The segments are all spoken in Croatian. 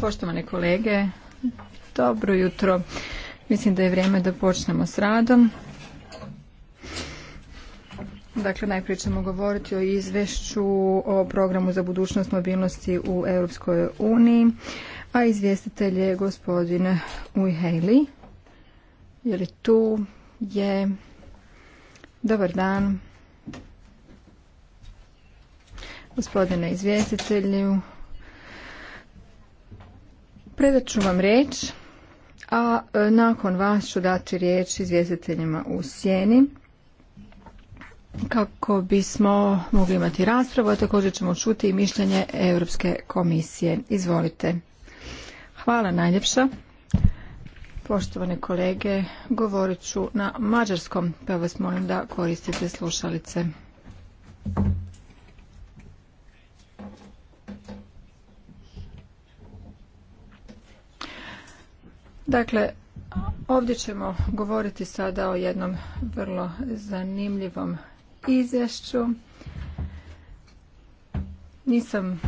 Poštovane kolege, dobro jutro. Mislim da je vrijeme da počnemo s radom. Dakle, najprije ćemo govoriti o izvješću o programu za budućnost mobilnosti u Europskoj uniji, a izvjestitelj je gospodin Ujhejli. Je li tu? Je. Dobar dan. Gospodine izvjestitelju, Predat ću vam riječ, a e, nakon vas ću dati riječ izvjestiteljima u sjeni kako bismo mogli imati raspravu, a također ćemo čuti i mišljenje Europske komisije. Izvolite. Hvala najljepša. Poštovane kolege, govorit ću na mađarskom, pa vas molim da koristite slušalice. Dakle, ovdje ćemo govoriti sada o jednom vrlo zanimljivom izvješću. Nisam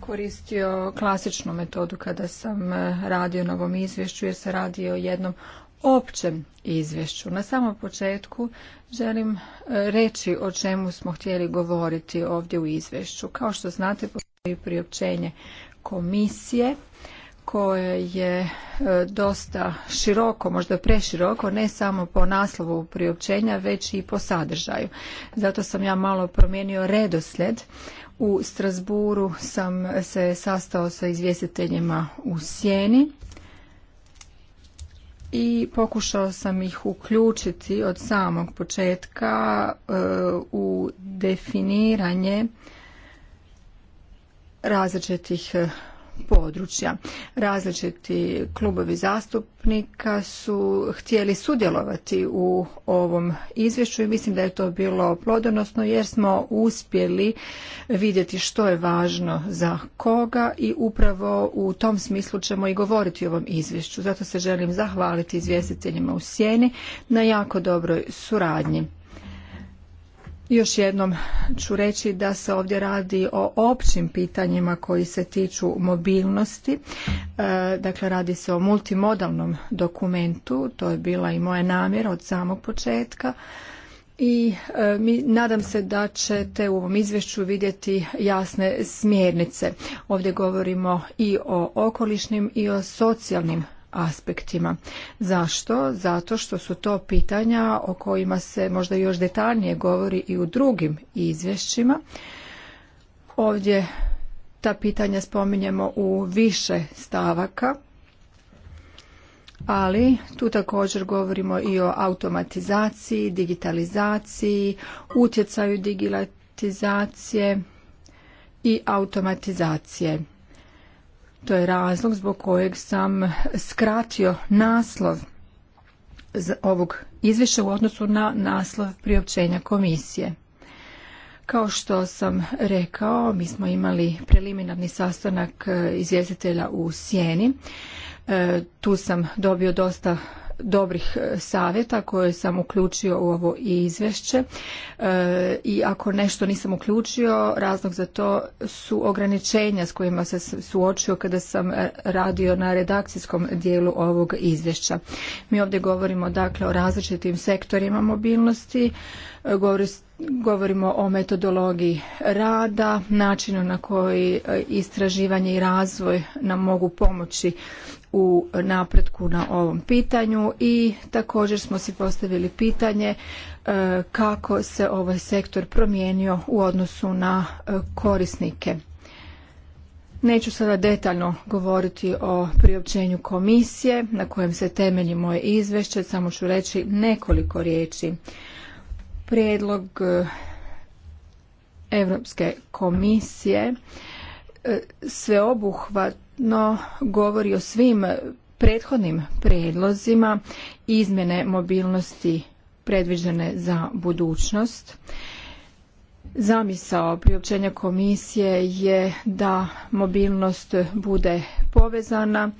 koristio klasičnu metodu kada sam radio na ovom izvješću jer se radi o jednom općem izvješću. Na samom početku želim e, reći o čemu smo htjeli govoriti ovdje u izvješću. Kao što znate, postoji priopćenje komisije koje je e, dosta široko, možda preširoko, ne samo po naslovu priopćenja, već i po sadržaju. Zato sam ja malo promijenio redosljed. U Strasburu sam se sastao sa izvjestiteljima u Sjeni i pokušao sam ih uključiti od samog početka e, u definiranje različitih područja. Različiti klubovi zastupnika su htjeli sudjelovati u ovom izvješću i mislim da je to bilo plodonosno jer smo uspjeli vidjeti što je važno za koga i upravo u tom smislu ćemo i govoriti o ovom izvješću. Zato se želim zahvaliti izvjestiteljima u Sjeni na jako dobroj suradnji. Još jednom ću reći da se ovdje radi o općim pitanjima koji se tiču mobilnosti. E, dakle, radi se o multimodalnom dokumentu, to je bila i moja namjera od samog početka. I e, nadam se da ćete u ovom izvješću vidjeti jasne smjernice. Ovdje govorimo i o okolišnim i o socijalnim aspektima. Zašto? Zato što su to pitanja o kojima se možda još detaljnije govori i u drugim izvješćima. Ovdje ta pitanja spominjemo u više stavaka, ali tu također govorimo i o automatizaciji, digitalizaciji, utjecaju digitalizacije i automatizacije to je razlog zbog kojeg sam skratio naslov ovog izvješća u odnosu na naslov priopćenja komisije. Kao što sam rekao, mi smo imali preliminarni sastanak eh, izvjestitelja u Sjeni. Eh, tu sam dobio dosta dobrih e, savjeta koje sam uključio u ovo izvješće e, i ako nešto nisam uključio, razlog za to su ograničenja s kojima se suočio kada sam e, radio na redakcijskom dijelu ovog izvješća. Mi ovdje govorimo dakle o različitim sektorima mobilnosti, govorimo o metodologiji rada, načinu na koji istraživanje i razvoj nam mogu pomoći u napretku na ovom pitanju i također smo si postavili pitanje e, kako se ovaj sektor promijenio u odnosu na e, korisnike. Neću sada detaljno govoriti o priopćenju komisije na kojem se temelji moje izvješće, samo ću reći nekoliko riječi. Prijedlog e, Europske komisije sveobuhvat no govori o svim prethodnim prijedlozima izmjene mobilnosti predviđene za budućnost. Zamisao priopćenja komisije je da mobilnost bude povezana,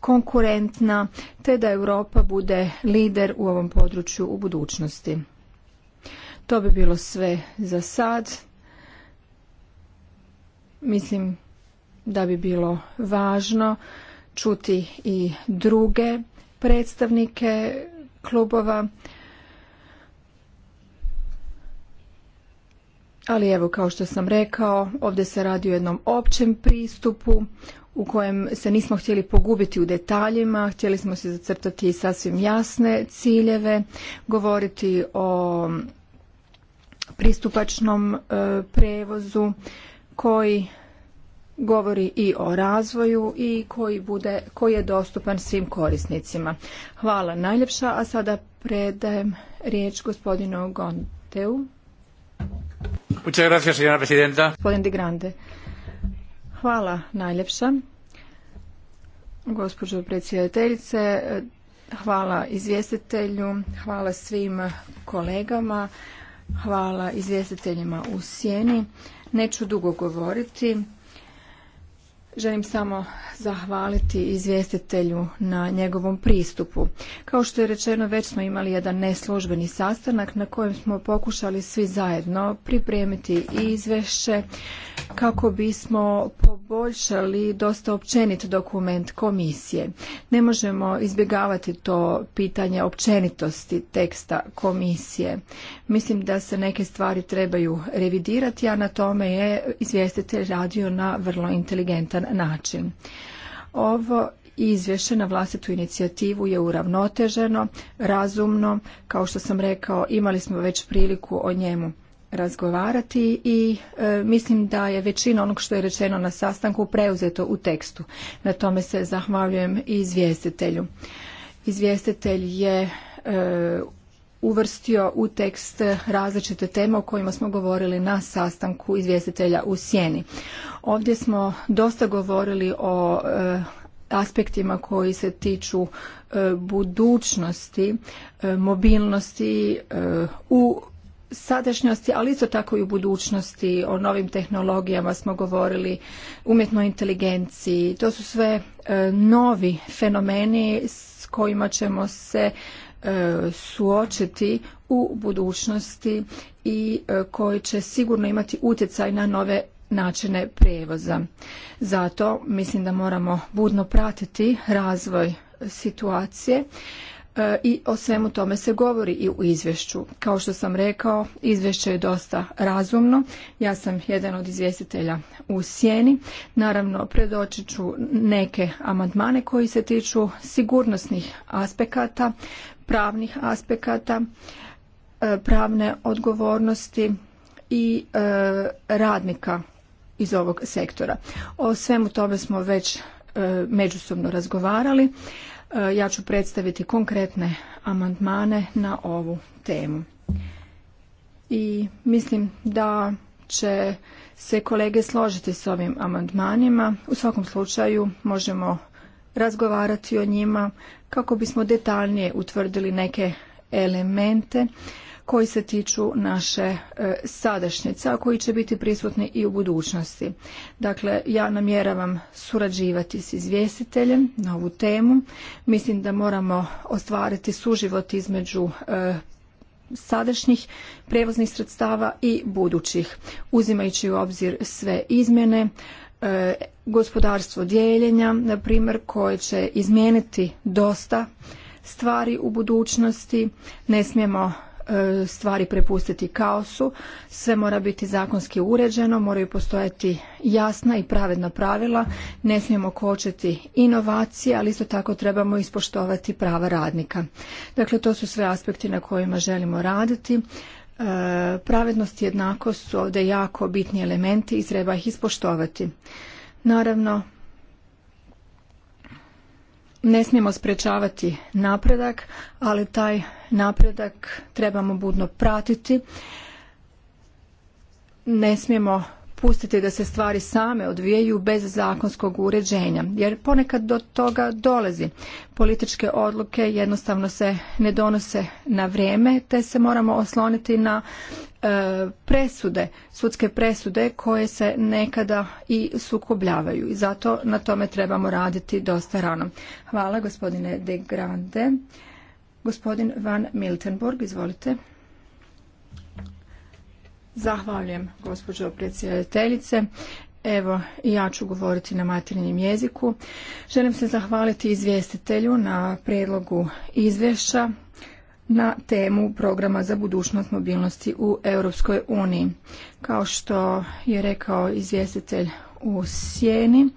konkurentna, te da Europa bude lider u ovom području u budućnosti. To bi bilo sve za sad. Mislim da bi bilo važno čuti i druge predstavnike klubova. Ali evo, kao što sam rekao, ovdje se radi o jednom općem pristupu u kojem se nismo htjeli pogubiti u detaljima, htjeli smo se zacrtati sasvim jasne ciljeve, govoriti o pristupačnom e, prevozu koji govori i o razvoju i koji, bude, koji je dostupan svim korisnicima. Hvala najljepša, a sada predajem riječ gospodinu Gonteu. Gracias, Gospodin de Grande. Hvala najljepša. Gospođo predsjedateljice, hvala izvjestitelju, hvala svim kolegama, hvala izvjestiteljima u sjeni. Neću dugo govoriti Želim samo zahvaliti izvjestitelju na njegovom pristupu. Kao što je rečeno, već smo imali jedan neslužbeni sastanak na kojem smo pokušali svi zajedno pripremiti izvješće kako bismo poboljšali dosta općenit dokument komisije. Ne možemo izbjegavati to pitanje općenitosti teksta komisije. Mislim da se neke stvari trebaju revidirati, a na tome je izvjestitelj radio na vrlo inteligentan način. Ovo izvješće na vlastitu inicijativu je uravnoteženo, razumno, kao što sam rekao imali smo već priliku o njemu razgovarati i e, mislim da je većina onog što je rečeno na sastanku preuzeto u tekstu. Na tome se zahvaljujem i izvjestitelju. Izvjestitelj je e, uvrstio u tekst različite teme o kojima smo govorili na sastanku izvjestitelja u Sjeni. Ovdje smo dosta govorili o e, aspektima koji se tiču e, budućnosti, e, mobilnosti u sadašnjosti, ali isto tako i u budućnosti, o novim tehnologijama smo govorili, umjetnoj inteligenciji. To su sve novi fenomeni s kojima ćemo se E, suočiti u budućnosti i e, koji će sigurno imati utjecaj na nove načine prijevoza. Zato mislim da moramo budno pratiti razvoj situacije e, i o svemu tome se govori i u izvješću. Kao što sam rekao, izvješće je dosta razumno. Ja sam jedan od izvjestitelja u sjeni. Naravno, predoći ću neke amandmane koji se tiču sigurnosnih aspekata pravnih aspekata, e, pravne odgovornosti i e, radnika iz ovog sektora. O svemu tome smo već e, međusobno razgovarali. Ja ću predstaviti konkretne amandmane na ovu temu. I mislim da će se kolege složiti s ovim amandmanima. U svakom slučaju možemo razgovarati o njima kako bismo detaljnije utvrdili neke elemente koji se tiču naše e, sadašnjice, a koji će biti prisutni i u budućnosti. Dakle, ja namjeravam surađivati s izvjestiteljem na ovu temu. Mislim da moramo ostvariti suživot između e, sadašnjih prevoznih sredstava i budućih, uzimajući u obzir sve izmjene, E, gospodarstvo dijeljenja, na primjer, koje će izmijeniti dosta stvari u budućnosti. Ne smijemo e, stvari prepustiti kaosu, sve mora biti zakonski uređeno, moraju postojati jasna i pravedna pravila, ne smijemo kočiti inovacije, ali isto tako trebamo ispoštovati prava radnika. Dakle, to su sve aspekti na kojima želimo raditi. E, pravednost i jednakost su ovdje jako bitni elementi i treba ih ispoštovati. Naravno, ne smijemo sprečavati napredak, ali taj napredak trebamo budno pratiti. Ne smijemo pustiti da se stvari same odvijaju bez zakonskog uređenja, jer ponekad do toga dolazi. Političke odluke jednostavno se ne donose na vrijeme, te se moramo osloniti na e, presude, sudske presude koje se nekada i sukobljavaju i zato na tome trebamo raditi dosta rano. Hvala gospodine De Grande. Gospodin Van Miltenburg, izvolite. Zahvaljujem gospođo predsjedateljice. Evo, ja ću govoriti na materinjem jeziku. Želim se zahvaliti izvjestitelju na predlogu izvješća na temu programa za budućnost mobilnosti u Europskoj uniji. Kao što je rekao izvjestitelj u Sjeni,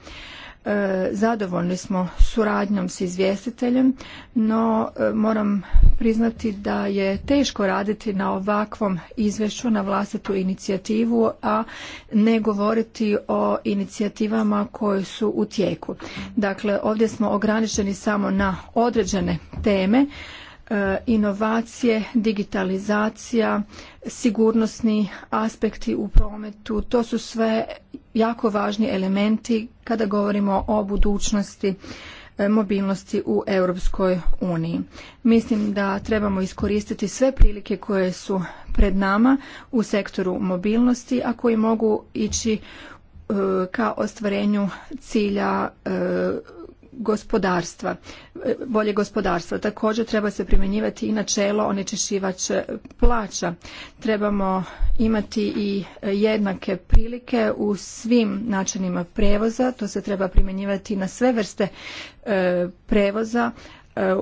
E, zadovoljni smo suradnjom s izvjestiteljem, no e, moram priznati da je teško raditi na ovakvom izvješću na vlastitu inicijativu, a ne govoriti o inicijativama koje su u tijeku. Dakle, ovdje smo ograničeni samo na određene teme, E, inovacije, digitalizacija, sigurnosni aspekti u prometu, to su sve jako važni elementi kada govorimo o budućnosti e, mobilnosti u Europskoj uniji. Mislim da trebamo iskoristiti sve prilike koje su pred nama u sektoru mobilnosti, a koji mogu ići e, ka ostvarenju cilja gospodarstva, e, bolje gospodarstva. Također treba se primjenjivati i načelo onečišivač e, plaća. Trebamo imati i e, jednake prilike u svim načinima prevoza. To se treba primjenjivati na sve vrste prevoza,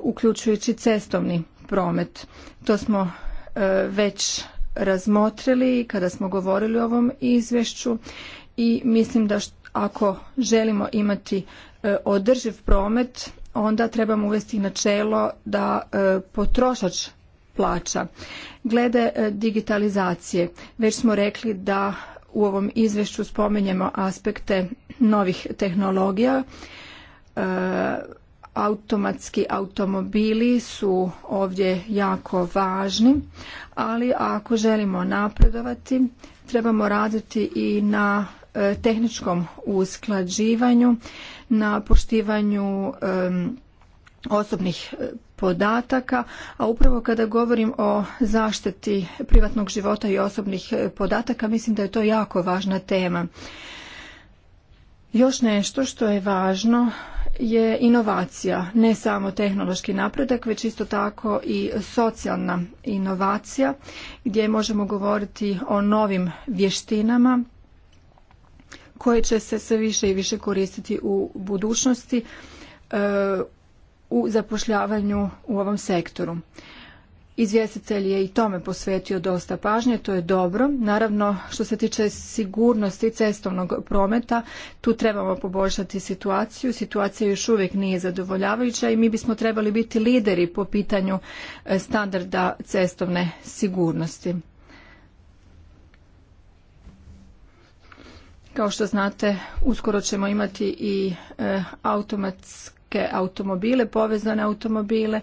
uključujući cestovni promet. To smo već razmotrili kada smo govorili o ovom izvješću i mislim da ako želimo imati e, održiv promet onda trebamo uvesti načelo da e, potrošač plaća. Glede e, digitalizacije, već smo rekli da u ovom izvješću spomenjemo aspekte novih tehnologija. automatski automobili su ovdje jako važni, ali ako želimo napredovati, trebamo raditi i na E, tehničkom usklađivanju, na poštivanju osobnih e, podataka, a upravo kada govorim o zaštiti privatnog života i osobnih e, podataka, mislim da je to jako važna tema. Još nešto što je važno je inovacija, ne samo tehnološki napredak, već isto tako i socijalna inovacija gdje možemo govoriti o novim vještinama koje će se sve više i više koristiti u budućnosti e, u zapošljavanju u ovom sektoru. Izvjestitelj je i tome posvetio dosta pažnje, to je dobro. Naravno, što se tiče sigurnosti cestovnog prometa, tu trebamo poboljšati situaciju. Situacija još uvijek nije zadovoljavajuća i mi bismo trebali biti lideri po pitanju e, standarda cestovne sigurnosti. Kao što znate, uskoro ćemo imati i e, automatske automobile, povezane automobile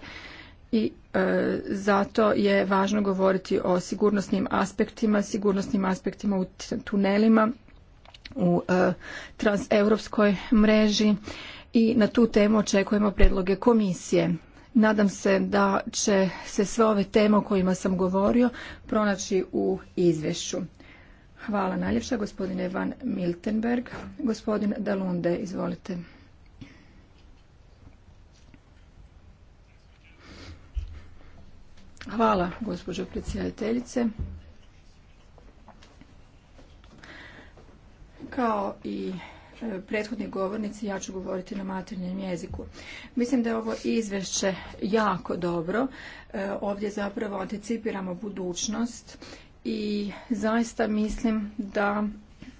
i e, zato je važno govoriti o sigurnosnim aspektima, sigurnosnim aspektima u tunelima, u e, transeuropskoj mreži i na tu temu očekujemo predloge komisije. Nadam se da će se sve ove teme o kojima sam govorio pronaći u izvješću. Hvala najljepša, gospodine Van Miltenberg. Gospodin Dalunde, izvolite. Hvala, gospođo predsjedateljice. Kao i e, prethodni govornici, ja ću govoriti na maternjem jeziku. Mislim da je ovo izvješće jako dobro. E, ovdje zapravo anticipiramo budućnost i zaista mislim da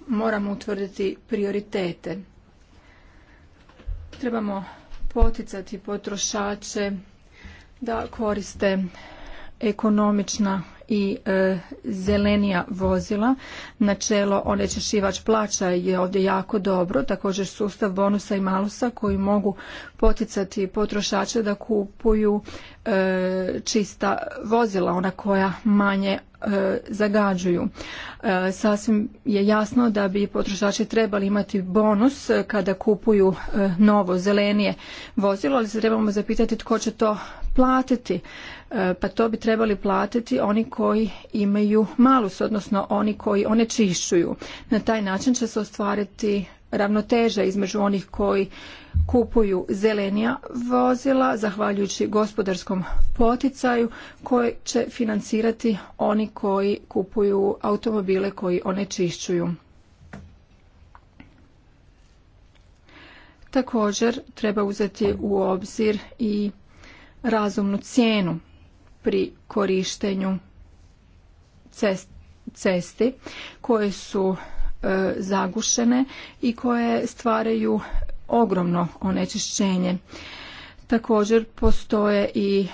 moramo utvrditi prioritete. Trebamo poticati potrošače da koriste ekonomična i e, zelenija vozila. Načelo onečišćivač plaća je ovdje jako dobro. Također sustav bonusa i malusa koji mogu poticati potrošače da kupuju e, čista vozila, ona koja manje e, zagađuju. Sasvim je jasno da bi potrošači trebali imati bonus kada kupuju novo zelenije vozilo, ali se trebamo zapitati tko će to platiti. E, pa to bi trebali platiti oni koji imaju malus, odnosno oni koji onečišćuju. Na taj način će se ostvariti ravnoteža između onih koji kupuju zelenija vozila zahvaljujući gospodarskom poticaju koje će financirati oni koji kupuju automobile koji onečišćuju. Također treba uzeti u obzir i razumnu cijenu pri korištenju cesti koje su e, zagušene i koje stvaraju ogromno onečišćenje. Također postoje i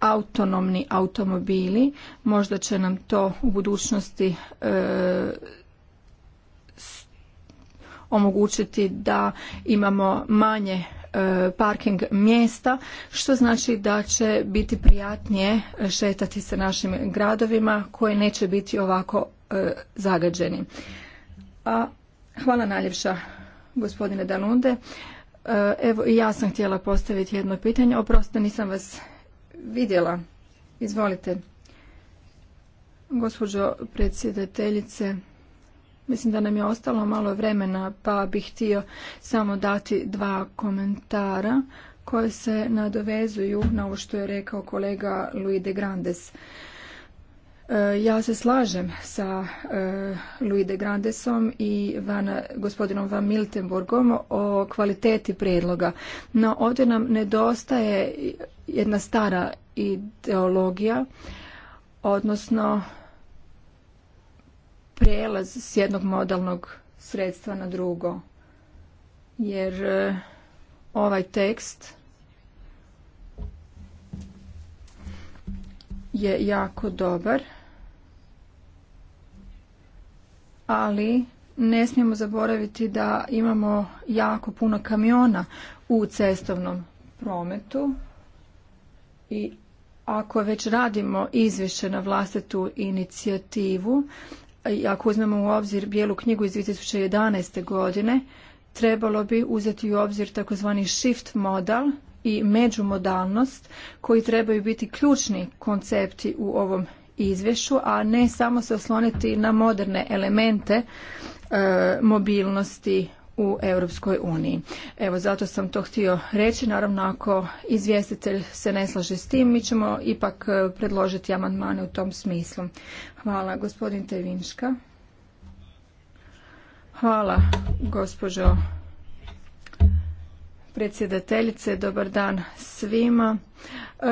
autonomni automobili, možda će nam to u budućnosti e, omogućiti da imamo manje E, parking mjesta, što znači da će biti prijatnije šetati se našim gradovima koji neće biti ovako e, zagađeni. A hvala najljepša gospodine Danunde. E, evo i ja sam htjela postaviti jedno pitanje. Oprostite, nisam vas vidjela. Izvolite. Gospođo predsjedateljice, Mislim da nam je ostalo malo vremena pa bih htio samo dati dva komentara koje se nadovezuju na ovo što je rekao kolega Louis de Grandes. E, ja se slažem sa e, Louis de Grandesom i van, gospodinom Van Miltenburgom o kvaliteti predloga, No ovdje nam nedostaje jedna stara ideologija, odnosno prelaz s jednog modalnog sredstva na drugo. Jer e, ovaj tekst je jako dobar, ali ne smijemo zaboraviti da imamo jako puno kamiona u cestovnom prometu i ako već radimo izvješće na vlastitu inicijativu, ako uzmemo u obzir bijelu knjigu iz 2011. godine, trebalo bi uzeti u obzir takozvani shift model i međumodalnost koji trebaju biti ključni koncepti u ovom izvješću, a ne samo se osloniti na moderne elemente e, mobilnosti u Europskoj uniji. Evo, zato sam to htio reći. Naravno, ako izvjestitelj se ne slaže s tim, mi ćemo ipak e, predložiti amandmane u tom smislu. Hvala, gospodin Tevinška. Hvala, gospođo predsjedateljice, dobar dan svima. E,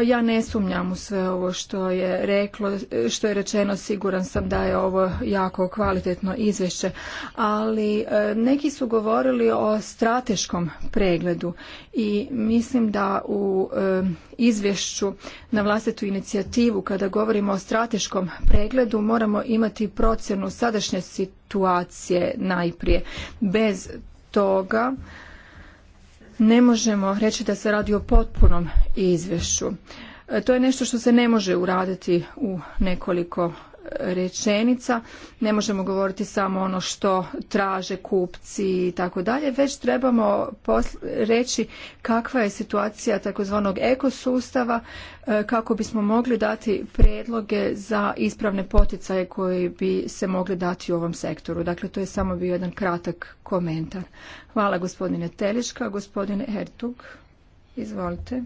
ja ne sumnjam u sve ovo što je reklo, što je rečeno, siguran sam da je ovo jako kvalitetno izvješće, ali e, neki su govorili o strateškom pregledu i mislim da u e, izvješću na vlastitu inicijativu kada govorimo o strateškom pregledu moramo imati procjenu sadašnje situacije najprije. Bez toga ne možemo reći da se radi o potpunom izvješću. E, to je nešto što se ne može uraditi u nekoliko rečenica. Ne možemo govoriti samo ono što traže kupci i tako dalje, već trebamo reći kakva je situacija takozvanog ekosustava e, kako bismo mogli dati predloge za ispravne poticaje koji bi se mogli dati u ovom sektoru. Dakle, to je samo bio jedan kratak komentar. Hvala gospodine Teliška, gospodine Hertug. Izvolite.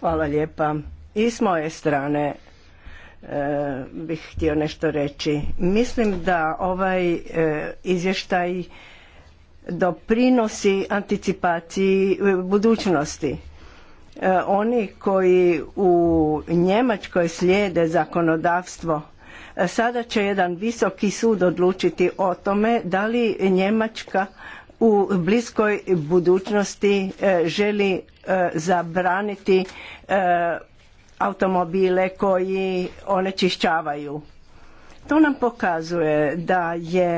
Hvala lijepa. I s moje strane Eh, bih htio nešto reći. Mislim da ovaj eh, izvještaj doprinosi anticipaciji eh, budućnosti. Oni koji u Njemačkoj slijede zakonodavstvo sada će jedan visoki sud odlučiti o tome da li Njemačka u bliskoj budućnosti želi zabraniti automobile koji onečišćavaju. To nam pokazuje da je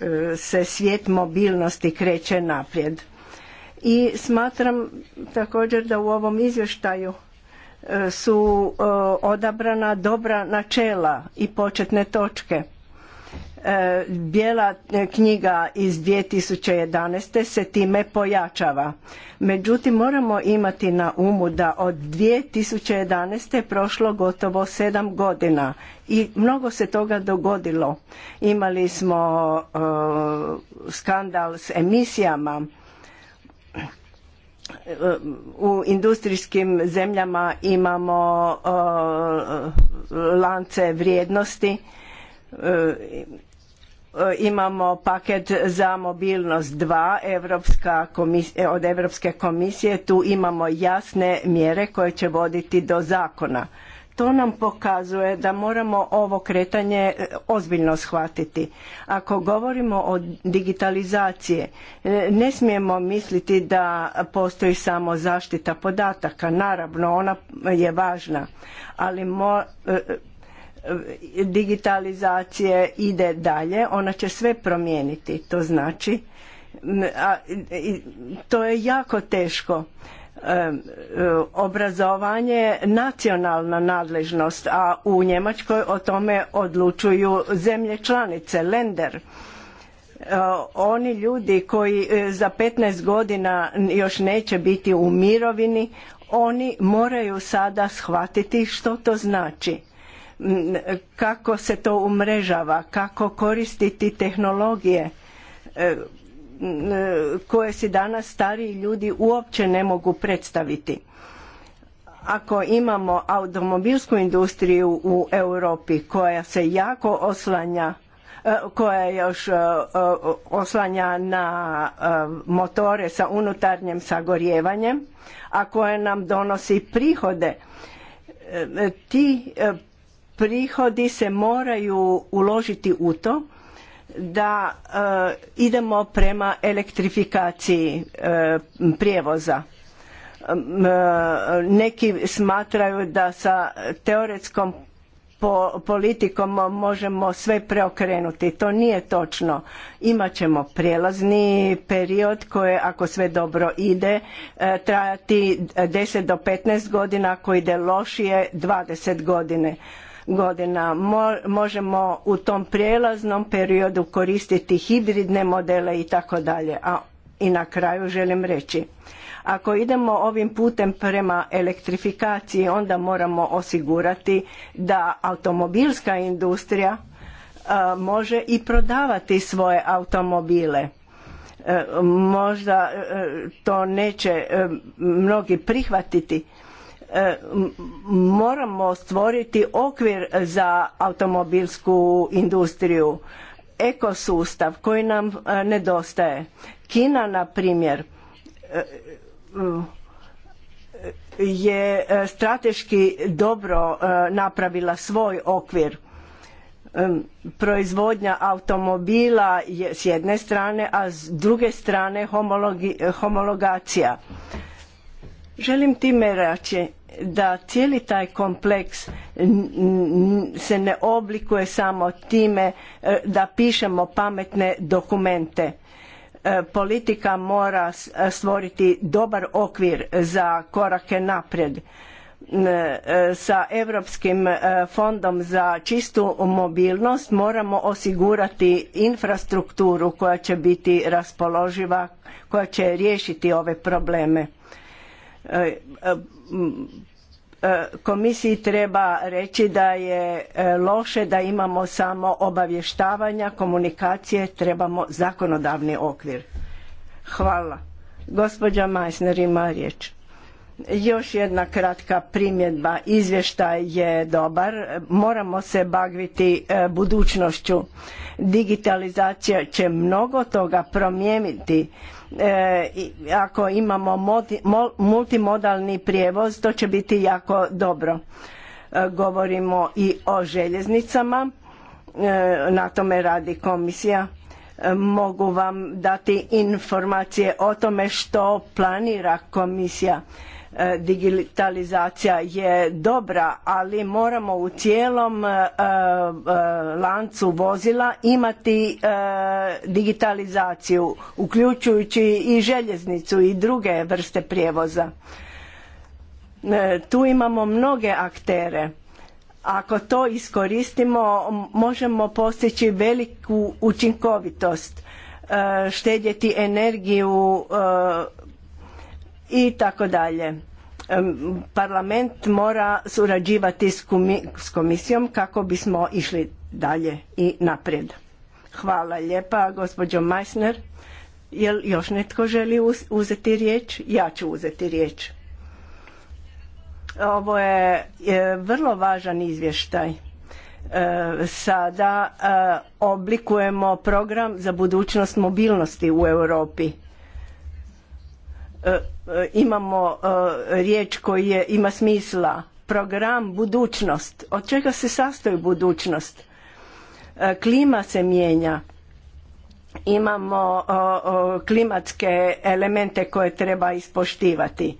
e, se svijet mobilnosti kreće naprijed. I smatram također da u ovom izvještaju e, su e, odabrana dobra načela i početne točke E, bijela e, knjiga iz 2011. se time pojačava. Međutim, moramo imati na umu da od 2011. je prošlo gotovo sedam godina i mnogo se toga dogodilo. Imali smo e, skandal s emisijama u industrijskim zemljama imamo lance vrijednosti E, imamo paket za mobilnost 2 komisija, e, od Europske komisije. Tu imamo jasne mjere koje će voditi do zakona. To nam pokazuje da moramo ovo kretanje e, ozbiljno shvatiti. Ako govorimo o digitalizaciji, ne smijemo misliti da postoji samo zaštita podataka. Naravno, ona je važna, ali digitalizacije ide dalje, ona će sve promijeniti. To znači, i, to je jako teško. obrazovanje nacionalna nadležnost, a u Njemačkoj o tome odlučuju zemlje članice, lender. E, oni ljudi koji e, za 15 godina još neće biti u mirovini, oni moraju sada shvatiti što to znači kako se to umrežava, kako koristiti tehnologije e, koje si danas stariji ljudi uopće ne mogu predstaviti. Ako imamo automobilsku industriju u Europi koja se jako oslanja e, koja još e, oslanja na motore sa unutarnjim sagorijevanjem, a koja nam donosi prihode. Ti prihodi se moraju uložiti u to da e, idemo prema elektrifikaciji e, prijevoza e, neki smatraju da sa teoretskom politikom možemo sve preokrenuti to nije točno Imaćemo prijelazni period koji ako sve dobro ide trajati 10 do 15 godina ako ide lošije 20 godine godina. možemo u tom prijelaznom periodu koristiti hibridne modele i tako dalje. A i na kraju želim reći, ako idemo ovim putem prema elektrifikaciji, onda moramo osigurati da automobilska industrija e, može i prodavati svoje automobile e, možda e, to neće mnogi prihvatiti E, moramo stvoriti okvir za automobilsku industriju ekosustav koji nam e, nedostaje Kina na primjer e, je strateški dobro napravila svoj okvir proizvodnja automobila je s jedne strane a s druge strane homologacija želim time reći da cijeli taj kompleks se ne oblikuje samo time e, da pišemo pametne dokumente e, politika mora e, stvoriti dobar okvir za korake naprijed sa europskim fondom za čistu mobilnost moramo osigurati infrastrukturu koja će biti raspoloživa koja će riješiti ove probleme komisiji treba reći da je e, loše da imamo samo obavještavanja, komunikacije, trebamo zakonodavni okvir. Hvala. Gospođa Majsner ima riječ. Još jedna kratka primjedba. Izvještaj je dobar. Moramo se bagviti e, budućnošću. Digitalizacija će mnogo toga promijeniti. E, ako imamo multimodalni prijevoz, to će biti jako dobro. E, govorimo i o željeznicama. na tome radi komisija mogu vam dati informacije o tome što planira komisija E, digitalizacija je dobra, ali moramo u cijelom e, e, lancu vozila imati digitalizaciju, uključujući i željeznicu i druge vrste prijevoza. Tu imamo mnoge aktere. Ako to iskoristimo, možemo postići veliku učinkovitost, štedjeti energiju i tako dalje. Parlament mora surađivati s komisijom kako bismo išli dalje i naprijed. Hvala lijepa gospođo Meissner. Jel još netko želi uzeti riječ? Ja ću uzeti riječ. Ovo je vrlo važan izvještaj. E, sada e, oblikujemo program za budućnost mobilnosti u Europi E, e, imamo e, riječ koji je, ima smisla program budućnost od čega se sastoji budućnost klima se mijenja imamo klimatske elemente koje treba ispoštivati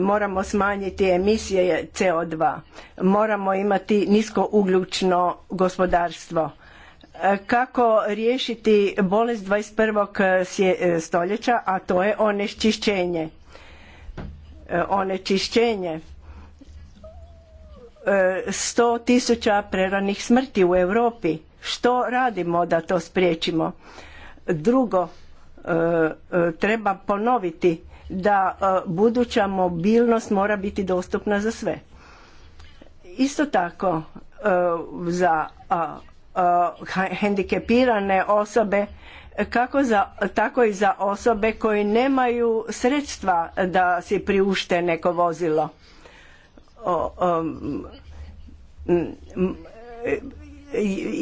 moramo smanjiti emisije CO2 moramo imati nisko ugljučno gospodarstvo kako riješiti bolest 21. E, stoljeća, a to je onečišćenje. E, onečišćenje. E, sto tisuća preranih smrti u Europi. Što radimo da to spriječimo? Drugo, treba ponoviti da buduća mobilnost mora biti dostupna za sve. Isto tako, za Eh, hendikepirane osobe kako za, tako i za osobe koji nemaju sredstva da si priušte neko vozilo.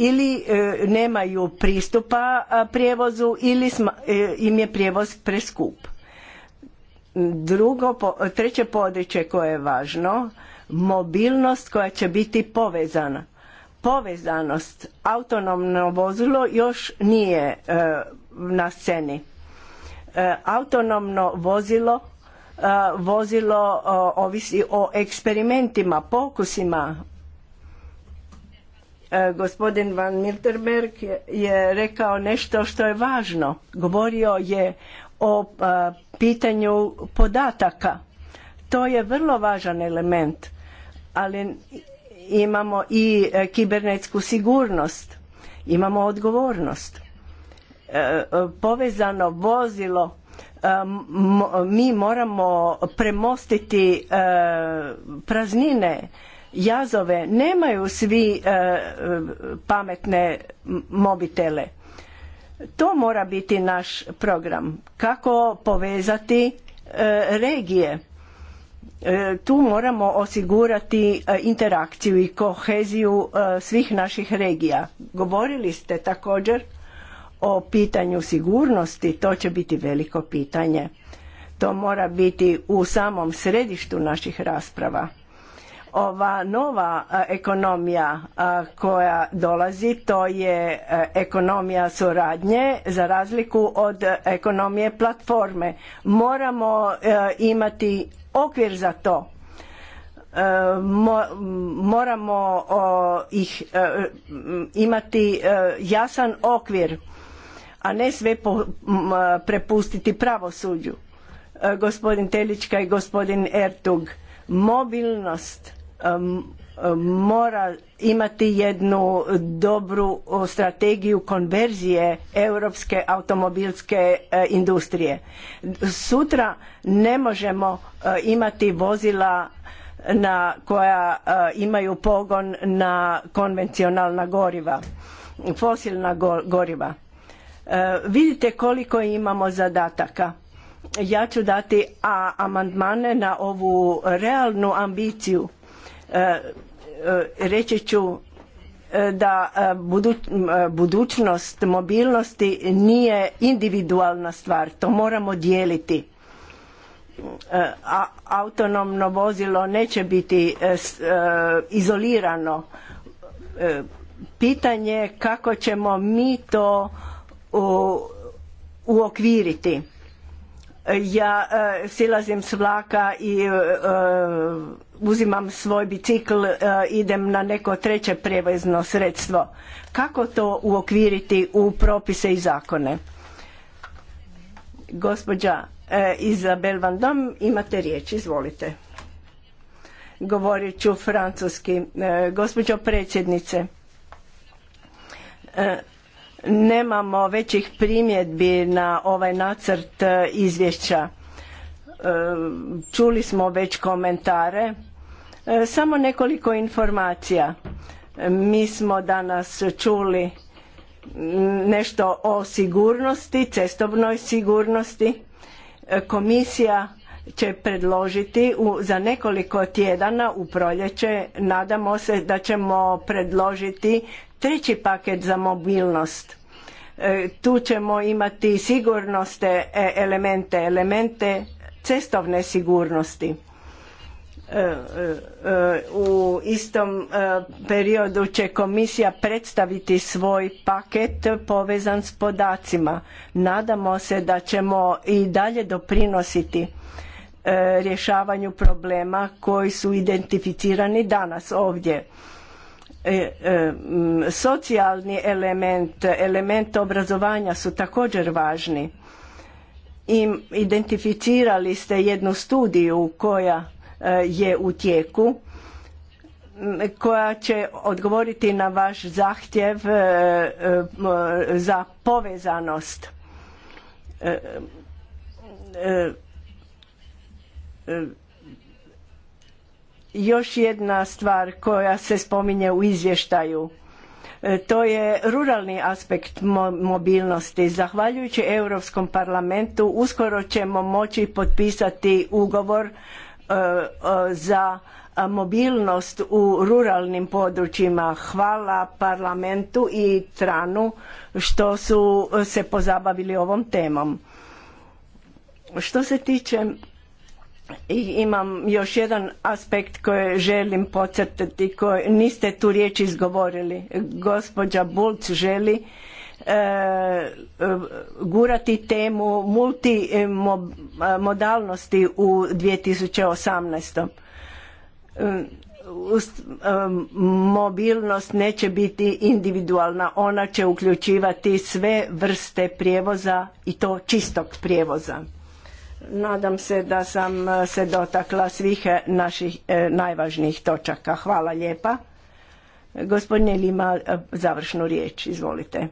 ili eh, nemaju pristupa prijevozu ili eh, im je prijevoz preskup. Drugo, treće područje koje je važno, mobilnost koja će biti povezana povezanost autonomno vozilo još nije e, na sceni e, autonomno vozilo e, vozilo ovisi o eksperimentima pokusima gospodin van Milterberg je rekao nešto što je važno govorio je o pitanju podataka to je vrlo važan element ali imamo i e, kibernetsku sigurnost, imamo odgovornost. E, povezano vozilo e, mi moramo premostiti praznine, jazove, nemaju svi pametne mobitele. To mora biti naš program. Kako povezati regije E, tu moramo osigurati e, interakciju i koheziju e, svih naših regija. Govorili ste također o pitanju sigurnosti, to će biti veliko pitanje. To mora biti u samom središtu naših rasprava. Ova nova ekonomija koja dolazi, to je ekonomija suradnje za razliku od ekonomije platforme. Moramo imati okvir za to. E, moramo ih e, imati e, jasan okvir, a ne sve prepustiti pravosuđu. Gospodin Telička i gospodin Ertug. Mobilnost, mora imati jednu dobru strategiju konverzije europske automobilske e, industrije. Sutra ne možemo e, imati vozila na koja e, imaju pogon na konvencionalna goriva, fosilna goriva. Vidite koliko imamo zadataka ja ću dati a amandmane na ovu realnu ambiciju E, reći ću e, da e, budućnost mobilnosti nije individualna stvar, to moramo dijeliti. A autonomno vozilo neće biti izolirano. Pitanje je kako ćemo mi to uokviriti. Ja silazim s vlaka i uzimam svoj bicikl, e, idem na neko treće prijevozno sredstvo. Kako to uokviriti u propise i zakone? Gospođa e, Izabel Van Dom, imate riječ, izvolite. Govorit ću francuski. E, gospođo predsjednice, nemamo većih primjedbi na ovaj nacrt izvješća. Čuli smo već komentare E, samo nekoliko informacija. Mi smo danas čuli nešto o sigurnosti, cestovnoj sigurnosti. E, komisija će predložiti za nekoliko tjedana u proljeće, nadamo se da ćemo predložiti treći paket za mobilnost. E, tu ćemo imati sigurnosne elemente, elemente cestovne sigurnosti E, e, e, u istom periodu će komisija predstaviti svoj paket povezan s podacima. Nadamo se da ćemo i dalje doprinositi rješavanju problema koji su identificirani danas ovdje. Socijalni element, element obrazovanja su također važni. identificirali ste jednu studiju koja Eh, je u tijeku koja će odgovoriti na vaš zahtjev eh, eh, za povezanost još jedna stvar koja se spominje u izvještaju to je ruralni aspekt mobilnosti zahvaljujući europskom parlamentu uskoro ćemo moći potpisati ugovor E, e, za mobilnost u ruralnim područjima. Hvala parlamentu i Tranu što su se pozabavili ovom temom. Što se tiče imam još jedan aspekt koji želim podcrtati, koji niste tu riječ izgovorili. Gospođa Bulc želi E, gurati temu multimodalnosti u 2018. E, mobilnost neće biti individualna, ona će uključivati sve vrste prijevoza i to čistog prijevoza. Nadam se da sam e, se dotakla svih naših najvažnijih točaka. Hvala lijepa. Gospodine Lima, završnu riječ, izvolite.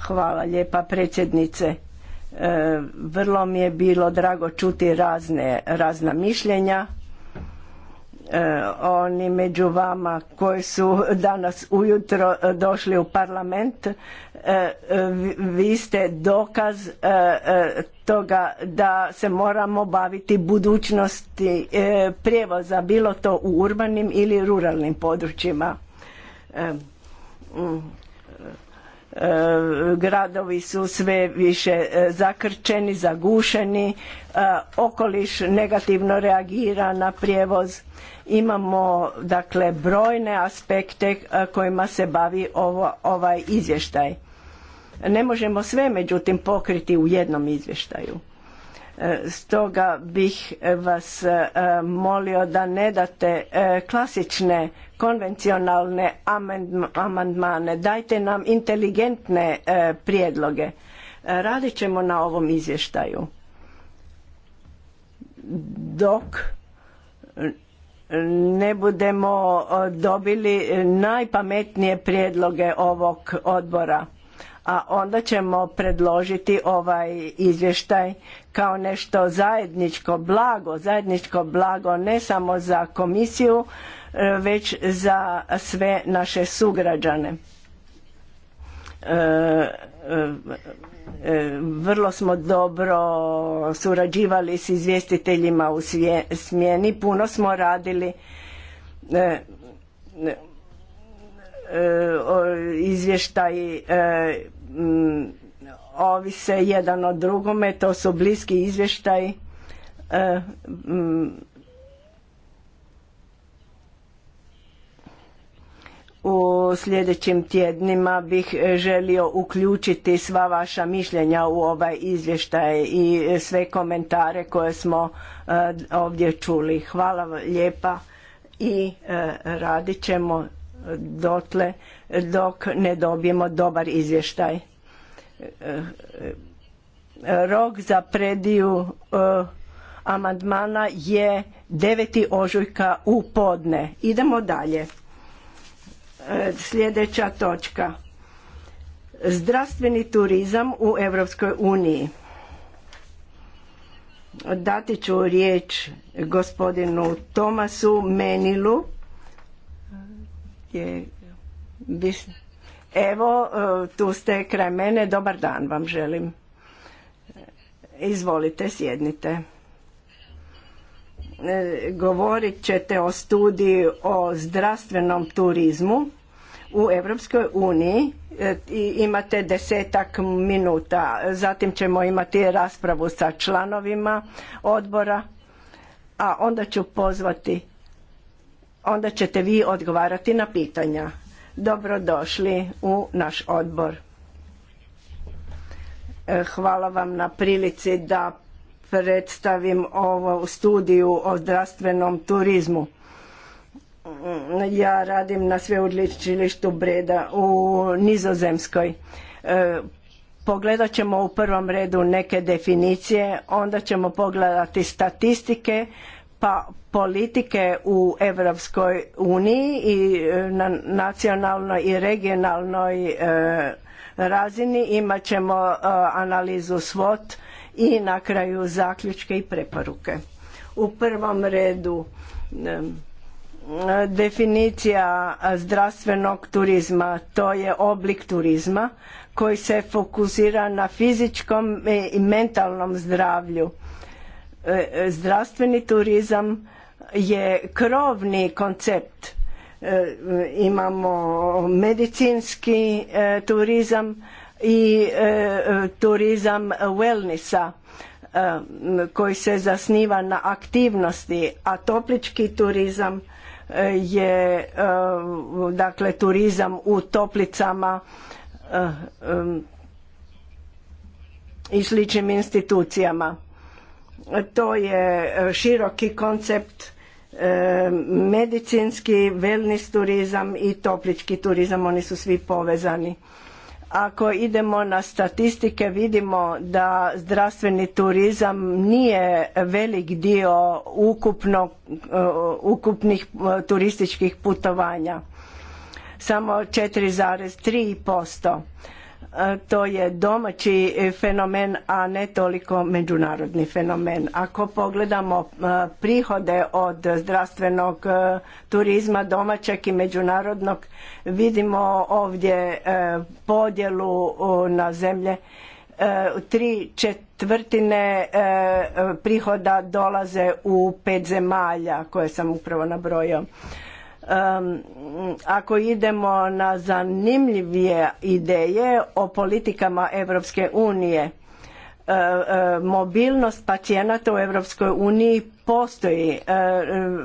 Hvala lijepa predsjednice. E, vrlo mi je bilo drago čuti razne, razna mišljenja. E, oni među vama koji su danas ujutro e, došli u parlament, vi ste dokaz toga da se moramo baviti budućnosti prijevoza, bilo to u urbanim ili ruralnim područjima. E, gradovi su sve više e, zakrčeni, zagušeni, e, okoliš negativno reagira na prijevoz. Imamo dakle brojne aspekte kojima se bavi ovo, ovaj izvještaj. Ne možemo sve međutim pokriti u jednom izvještaju. Stoga bih vas molio da ne date klasične konvencionalne amandmane, dajte nam inteligentne e, prijedloge. Radit ćemo na ovom izvještaju. Dok ne budemo e, dobili najpametnije prijedloge ovog odbora a onda ćemo predložiti ovaj izvještaj kao nešto zajedničko blago, zajedničko blago ne samo za komisiju E, već za sve naše sugrađane. E, e, vrlo smo dobro surađivali s izvjestiteljima u smjeni, puno smo radili izvještaj ovise jedan o drugome, to su bliski izvještaji u sljedećim tjednima bih e, želio uključiti sva vaša mišljenja u ovaj izvještaj i e, sve komentare koje smo e, ovdje čuli. Hvala lijepa i radit ćemo dotle dok ne dobijemo dobar izvještaj. Rok za prediju amandmana je 9. ožujka u podne. Idemo dalje. E, sljedeća točka. Zdravstveni turizam u Europskoj uniji. Dati ću riječ gospodinu Tomasu Menilu. Evo, e, tu ste kraj mene. Dobar dan vam želim. Izvolite, sjednite. E, govorit ćete o studiji o zdravstvenom turizmu u Europskoj uniji e, i imate desetak minuta. Zatim ćemo imati raspravu sa članovima odbora, a onda ću pozvati, onda ćete vi odgovarati na pitanja. Dobrodošli u naš odbor. E, hvala vam na prilici da predstavim ovo studiju o zdravstvenom turizmu. Ja radim na sveučilištu Breda u Nizozemskoj. E, pogledat ćemo u prvom redu neke definicije, onda ćemo pogledati statistike, pa politike u Europskoj uniji i e, na nacionalnoj i regionalnoj e, razini imat ćemo analizu SWOT i na kraju zaključke i preporuke. U prvom redu definicija zdravstvenog turizma to je oblik turizma koji se fokusira na fizičkom i mentalnom zdravlju. E, zdravstveni turizam je krovni koncept e, imamo medicinski e, turizam i e, turizam wellnessa e, koji se zasniva na aktivnosti, a toplički turizam e, je dakle turizam u toplicama i sličnim institucijama. To je široki koncept medicinski, wellness turizam i toplički turizam, oni su svi povezani ako idemo na statistike vidimo da zdravstveni turizam nije velik dio ukupno, uh, ukupnih uh, turističkih putovanja. Samo 4,3% to je domaći fenomen, a ne toliko međunarodni fenomen. Ako pogledamo prihode od zdravstvenog turizma domaćeg i međunarodnog, vidimo ovdje podjelu na zemlje. Tri četvrtine prihoda dolaze u pet zemalja koje sam upravo nabrojao ako idemo na zanimljivije ideje o politikama Europske unije, e, e, mobilnost pacijenata u Europskoj uniji postoji e,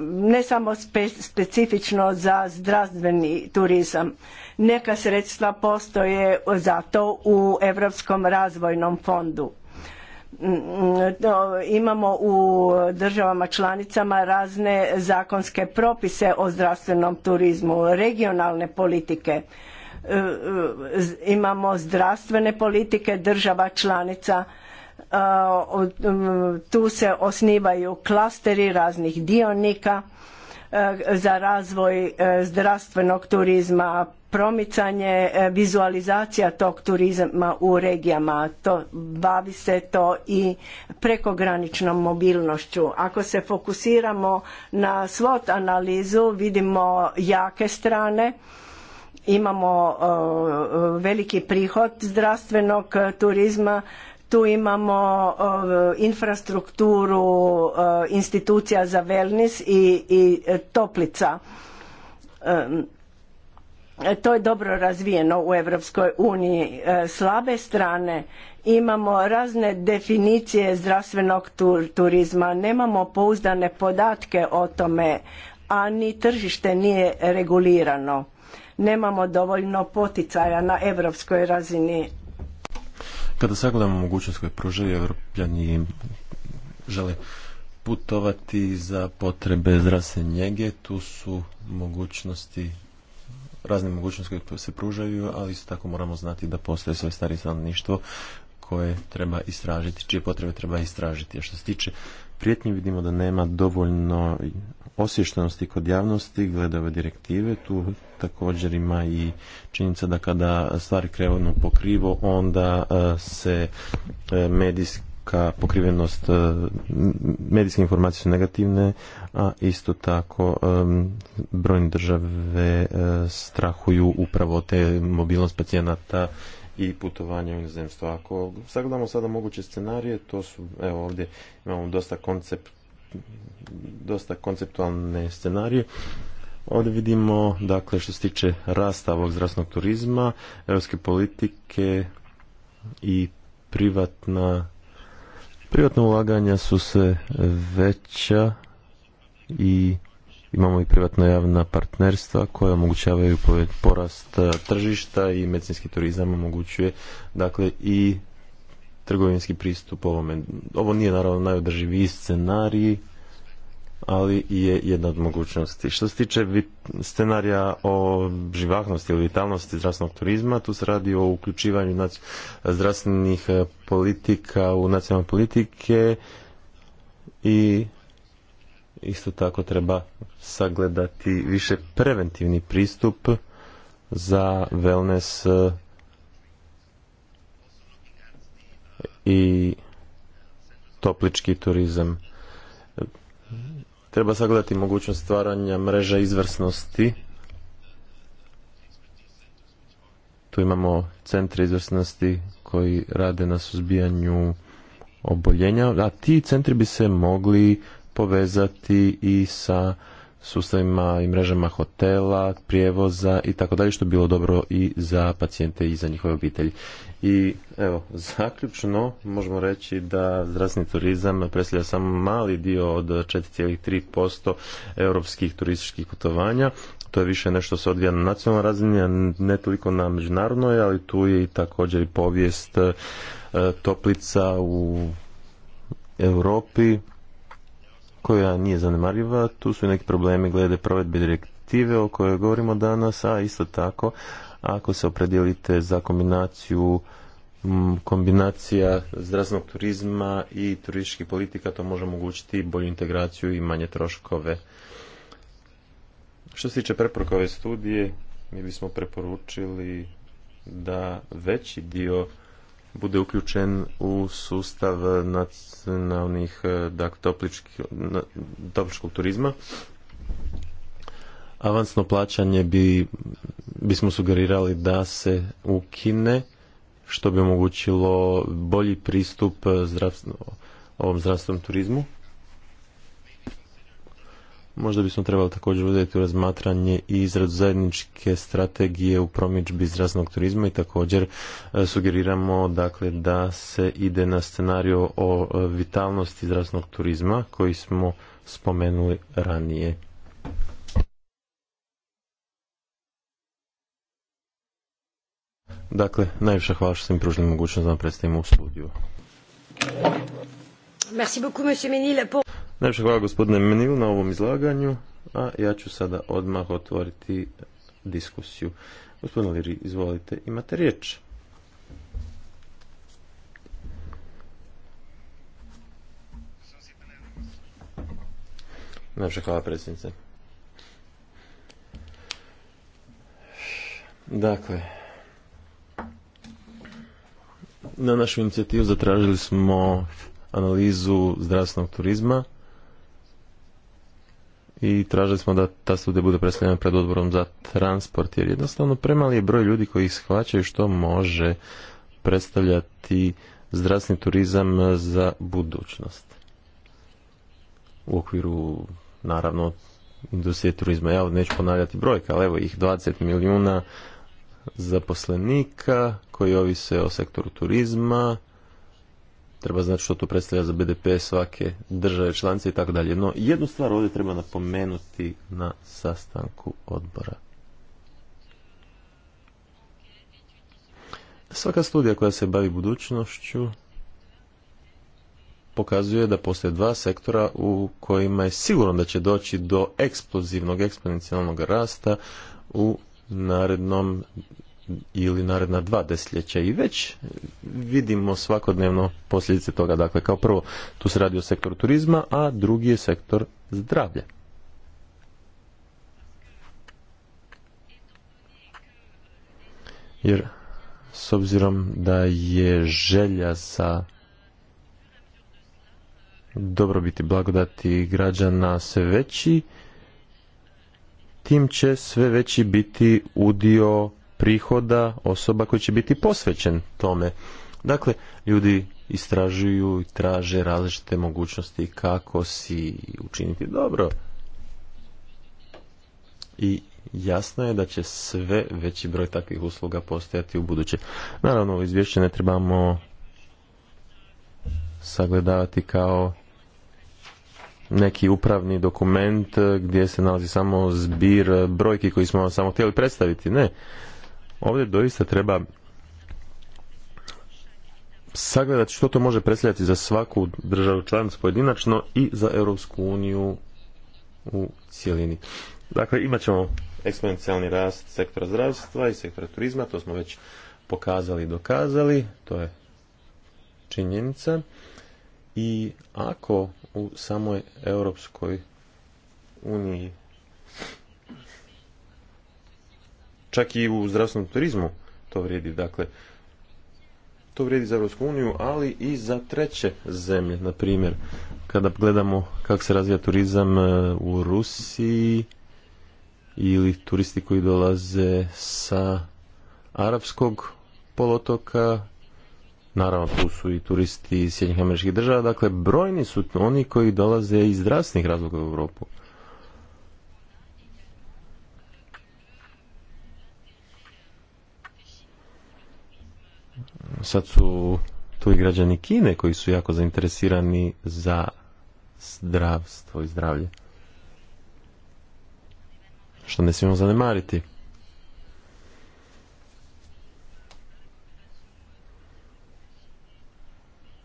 ne samo specifično za zdravstveni turizam. Neka sredstva postoje za to u Europskom razvojnom fondu. Mm, mm, imamo u državama članicama razne zakonske propise o zdravstvenom turizmu, regionalne politike. E, e, imamo zdravstvene politike država članica, e, tu se osnivaju klasteri raznih dionika za razvoj zdravstvenog turizma, promicanje e, vizualizacija tog turizma u regijama. To, bavi se to i prekograničnom mobilnošću. Ako se fokusiramo na SWOT analizu vidimo jake strane, imamo e, veliki prihod zdravstvenog turizma, tu imamo e, infrastrukturu institucija za wellness i, i toplica. E, to je dobro razvijeno u Europskoj uniji. E, slabe strane imamo razne definicije zdravstvenog turizma, nemamo pouzdane podatke o tome, a ni tržište nije regulirano. Nemamo dovoljno poticaja na europskoj razini. Kada sagledamo mogućnost koje pružaju europljani žele putovati za potrebe zdravstvene njege, tu su mogućnosti razne mogućnosti koje se pružaju, ali isto tako moramo znati da postoje svoje stari stanovništvo koje treba istražiti, čije potrebe treba istražiti. A što se tiče prijetnje, vidimo da nema dovoljno osvještenosti kod javnosti glede ove direktive. Tu također ima i činjenica da kada stvari krenu pokrivo, onda e, se e, medijski visoka pokrivenost e, medijske informacije su negativne, a isto tako e, brojne države e, strahuju upravo te mobilnost pacijenata i putovanja u inozemstvo. Ako sagledamo sada moguće scenarije, to su, evo ovdje imamo dosta koncept dosta konceptualne scenarije. Ovdje vidimo, dakle, što se tiče rasta ovog zdravstvenog turizma, europske politike i privatna Privatna ulaganja su se veća i imamo i privatno javna partnerstva koja omogućavaju porast e, tržišta i medicinski turizam omogućuje dakle i trgovinski pristup ovome. Ovo nije naravno najodrživiji scenarij, ali je jedna od mogućnosti. Što se tiče scenarija o živahnosti ili vitalnosti zdravstvenog turizma, tu se radi o uključivanju zdravstvenih e, politika u nacionalne politike i isto tako treba sagledati više preventivni pristup za wellness e, i toplički turizam treba sagledati mogućnost stvaranja mreža izvrsnosti. Tu imamo centre izvrsnosti koji rade na suzbijanju oboljenja, a ti centri bi se mogli povezati i sa sustavima i mrežama hotela, prijevoza i tako dalje, što bi bilo dobro i za pacijente i za njihove obitelji. I evo, zaključno možemo reći da zdravstveni turizam predstavlja samo mali dio od 4,3% europskih turističkih putovanja. To je više nešto se odvija na nacionalnoj razini, a ne toliko na međunarodnoj, ali tu je i također i povijest e, toplica u Europi koja nije zanemarljiva. Tu su i neki problemi glede provedbe direktive o kojoj govorimo danas, a isto tako ako se opredijelite za kombinaciju kombinacija zdravstvenog turizma i turističkih politika to može omogućiti bolju integraciju i manje troškove. Što se tiče preporuka ove studije, mi bismo preporučili da veći dio bude uključen u sustav nacionalnih dakle, topličkog turizma. Avansno plaćanje bi, bismo sugerirali da se ukine što bi omogućilo bolji pristup e, ovom zdravstvenom turizmu. Možda bismo trebali također uzeti u razmatranje i izradu zajedničke strategije u promičbi zdravstvenog turizma i također e, sugeriramo dakle, da se ide na scenario o e, vitalnosti zdravstvenog turizma koji smo spomenuli ranije. Dakle, najviše hvala što ste mi pružili mogućnost da vam predstavimo u studiju. Merci beaucoup, monsieur Najviše hvala gospodine Menil na ovom izlaganju, a ja ću sada odmah otvoriti diskusiju. Gospodine Liri, izvolite, imate riječ. hvala predsjednice. Dakle, na našu inicijativu zatražili smo analizu zdravstvenog turizma i tražili smo da ta studija bude predstavljena pred odborom za transport jer jednostavno premali je broj ljudi koji shvaćaju što može predstavljati zdravstveni turizam za budućnost u okviru naravno industrije turizma. Ja neću ponavljati brojka, ali evo ih 20 milijuna zaposlenika koji ovise o sektoru turizma treba znati što to predstavlja za BDP svake države članice i tako dalje. No, jednu stvar ovdje treba napomenuti na sastanku odbora. Svaka studija koja se bavi budućnošću pokazuje da postoje dva sektora u kojima je sigurno da će doći do eksplozivnog, eksponencijalnog rasta u narednom ili naredna dva desetljeća i već vidimo svakodnevno posljedice toga. Dakle, kao prvo, tu se radi o sektoru turizma, a drugi je sektor zdravlja. Jer, s obzirom da je želja sa dobrobiti blagodati građana sve veći, tim će sve veći biti udio prihoda osoba koji će biti posvećen tome. Dakle, ljudi istražuju i traže različite mogućnosti kako si učiniti dobro. I jasno je da će sve veći broj takvih usluga postojati u buduće. Naravno, ovo izvješće ne trebamo sagledavati kao neki upravni dokument gdje se nalazi samo zbir brojki koji smo vam samo htjeli predstaviti. Ne, Ovdje doista treba sagledati što to može predstavljati za svaku državu članicu pojedinačno i za Europsku uniju u cijelini. Dakle, imat ćemo eksponencijalni rast sektora zdravstva i sektora turizma, to smo već pokazali i dokazali, to je činjenica. I ako u samoj Europskoj uniji čak i u zdravstvenom turizmu to vrijedi. Dakle, to vrijedi za Europsku uniju, ali i za treće zemlje. Na primjer, kada gledamo kako se razvija turizam e, u Rusiji ili turisti koji dolaze sa arapskog polotoka, naravno tu su i turisti iz Sjedinjenih američkih država, dakle brojni su oni koji dolaze iz zdravstvenih razloga u Europu. sad su tu i građani Kine koji su jako zainteresirani za zdravstvo i zdravlje. Što ne smijemo zanemariti.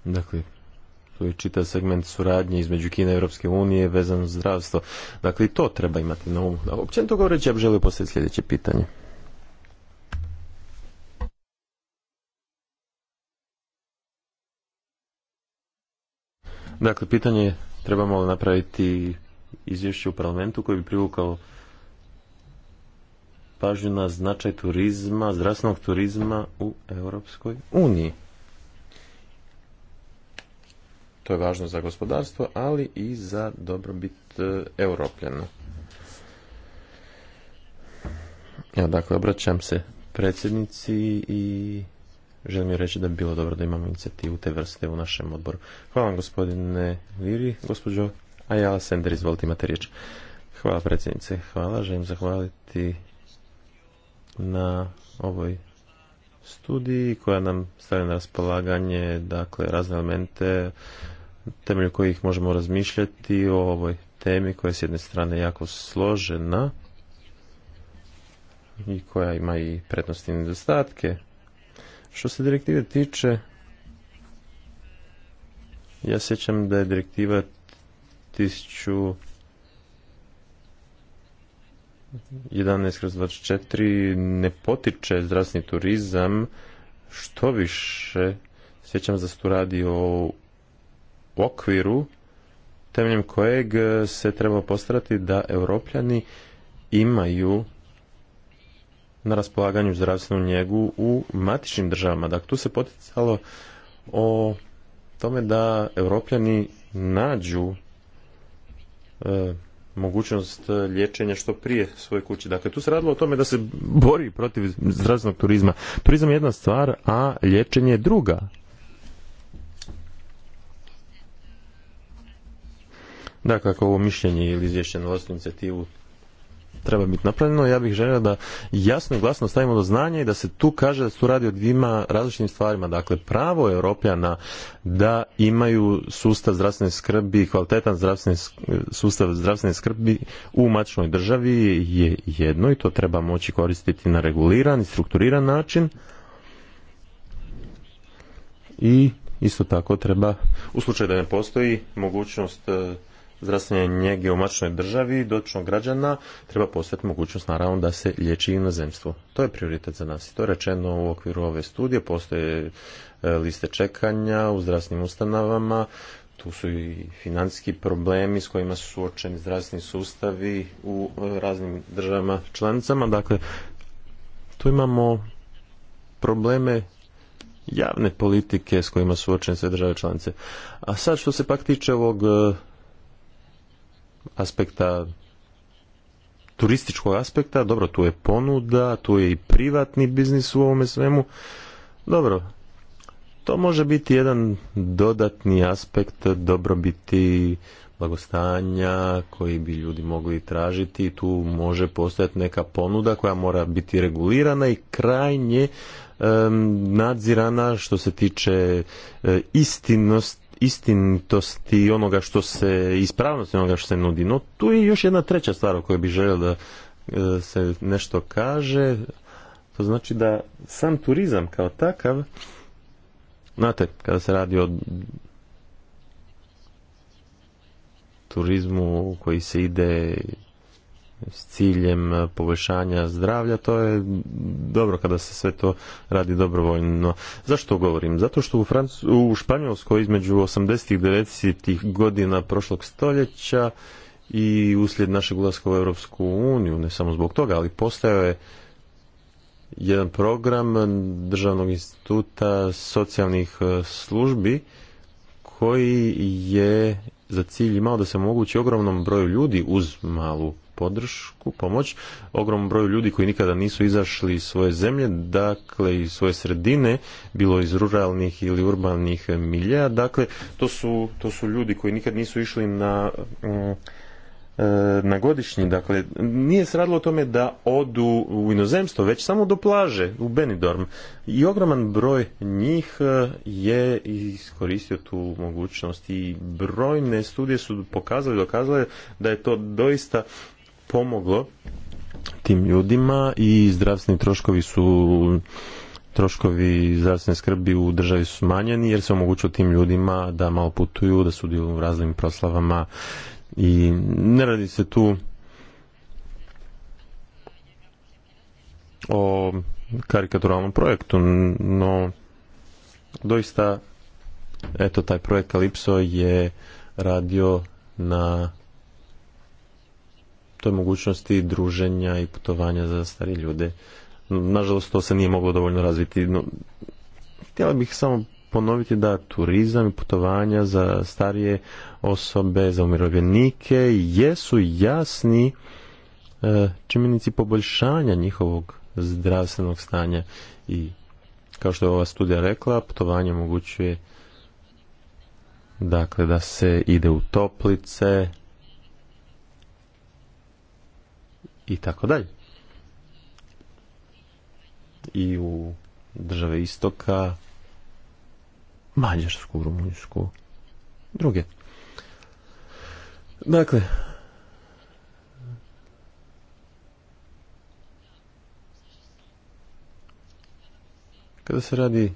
Dakle, tu je čitav segment suradnje između Kine i Europske unije vezano zdravstvo. Dakle, i to treba imati na umu. to govoreći, ja bih želio postaviti sljedeće pitanje. Dakle, pitanje je trebamo li napraviti izvješće u parlamentu koji bi privukao pažnju na značaj turizma, zdravstvenog turizma u Europskoj uniji. To je važno za gospodarstvo, ali i za dobrobit e, europljana. Ja dakle obraćam se predsjednici i želim joj reći da bi bilo dobro da imamo inicijativu te vrste u našem odboru. Hvala vam gospodine Liri, gospođo Ajala Sender, izvolite imate riječ. Hvala predsjednice, hvala, želim zahvaliti na ovoj studiji koja nam stavlja na raspolaganje dakle, razne elemente temelju kojih možemo razmišljati o ovoj temi koja je s jedne strane jako složena i koja ima i prednosti i nedostatke što se direktive tiče, ja sjećam da je direktiva 1000 11/24 ne potiče zdravstveni turizam, što više, sjećam da se tu radi o okviru temeljem kojeg se treba postarati da europljani imaju na raspolaganju zdravstvenu njegu u matičnim državama. Dakle, tu se poticalo o tome da europljani nađu e, mogućnost liječenja što prije svoje kući. Dakle, tu se radilo o tome da se bori protiv zdravstvenog turizma. Turizam je jedna stvar, a liječenje je druga. Dakle, ako ovo mišljenje ili izvješće na inicijativu treba biti napravljeno. Ja bih želio da jasno i glasno stavimo do znanja i da se tu kaže da se tu radi o dvima različitim stvarima. Dakle, pravo Europljana da imaju sustav zdravstvene skrbi, kvalitetan zdravstveni, sustav zdravstvene skrbi u mačnoj državi je jedno i to treba moći koristiti na reguliran i strukturiran način. I isto tako treba, u slučaju da ne postoji mogućnost e, zdravstvene njege u mačnoj državi dotičnog građana treba postati mogućnost naravno da se liječi inozemstvo. To je prioritet za nas i to je rečeno u okviru ove studije. Postoje e, liste čekanja u zdravstvenim ustanovama, tu su i financijski problemi s kojima su suočeni zdravstveni sustavi u e, raznim državama članicama. Dakle, tu imamo probleme javne politike s kojima su suočene sve države članice. A sad što se pak tiče ovog e, aspekta turističkog aspekta, dobro, tu je ponuda, tu je i privatni biznis u ovome svemu. Dobro, to može biti jedan dodatni aspekt dobrobiti blagostanja koji bi ljudi mogli tražiti. Tu može postojati neka ponuda koja mora biti regulirana i krajnje nadzirana što se tiče e, istinosti istinitosti onoga što se, ispravnosti onoga što se nudi. No tu je još jedna treća stvar o kojoj bih želio da e, se nešto kaže. To znači da sam turizam kao takav, znate, kada se radi o turizmu koji se ide s ciljem e, poboljšanja zdravlja, to je dobro kada se sve to radi dobrovoljno. Zašto govorim? Zato što u, Španjolskoj između 80. i 90. godina prošlog stoljeća i uslijed našeg ulaska u Europsku uniju, ne samo zbog toga, ali postao je jedan program Državnog instituta socijalnih e, službi koji je za cilj imao da se omogući ogromnom broju ljudi uz malu podršku, pomoć, ogromnom broju ljudi koji nikada nisu izašli iz svoje zemlje, dakle iz svoje sredine, bilo iz ruralnih ili urbanih milja, dakle to su, to su ljudi koji nikad nisu išli na mm, E, na godišnji, dakle, nije se radilo o tome da odu u inozemstvo, već samo do plaže, u Benidorm. I ogroman broj njih e, je iskoristio tu mogućnost i brojne studije su pokazale, dokazale da je to doista pomoglo tim ljudima i zdravstveni troškovi su troškovi zdravstvene skrbi u državi su smanjeni jer se omogućilo tim ljudima da malo putuju, da sudjeluju u raznim proslavama i ne radi se tu o karikaturalnom projektu, no doista eto taj projekt Kalipso je radio na toj mogućnosti druženja i putovanja za stari ljude. Nažalost, to se nije moglo dovoljno razviti. No, htjela bih samo ponoviti da turizam i putovanja za starije osobe, za umirovljenike jesu jasni e, čimjenici poboljšanja njihovog zdravstvenog stanja i kao što je ova studija rekla, putovanje omogućuje dakle da se ide u toplice i tako dalje. I u države istoka Mađarsku, Rumunjsku, druge. Dakle, kada se radi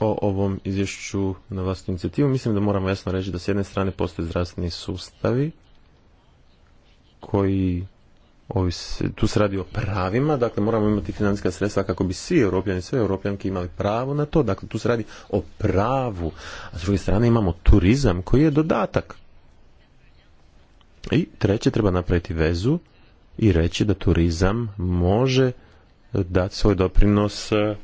o ovom izvješću na vlastnu inicijativu, mislim da moramo jasno reći da s jedne strane postoje zdravstveni sustavi koji tu se radi o pravima, dakle moramo imati financijska sredstva kako bi svi europljani, sve europljanke imali pravo na to, dakle tu se radi o pravu, a s druge strane imamo turizam koji je dodatak. I treće, treba napraviti vezu i reći da turizam može dati svoj doprinos e,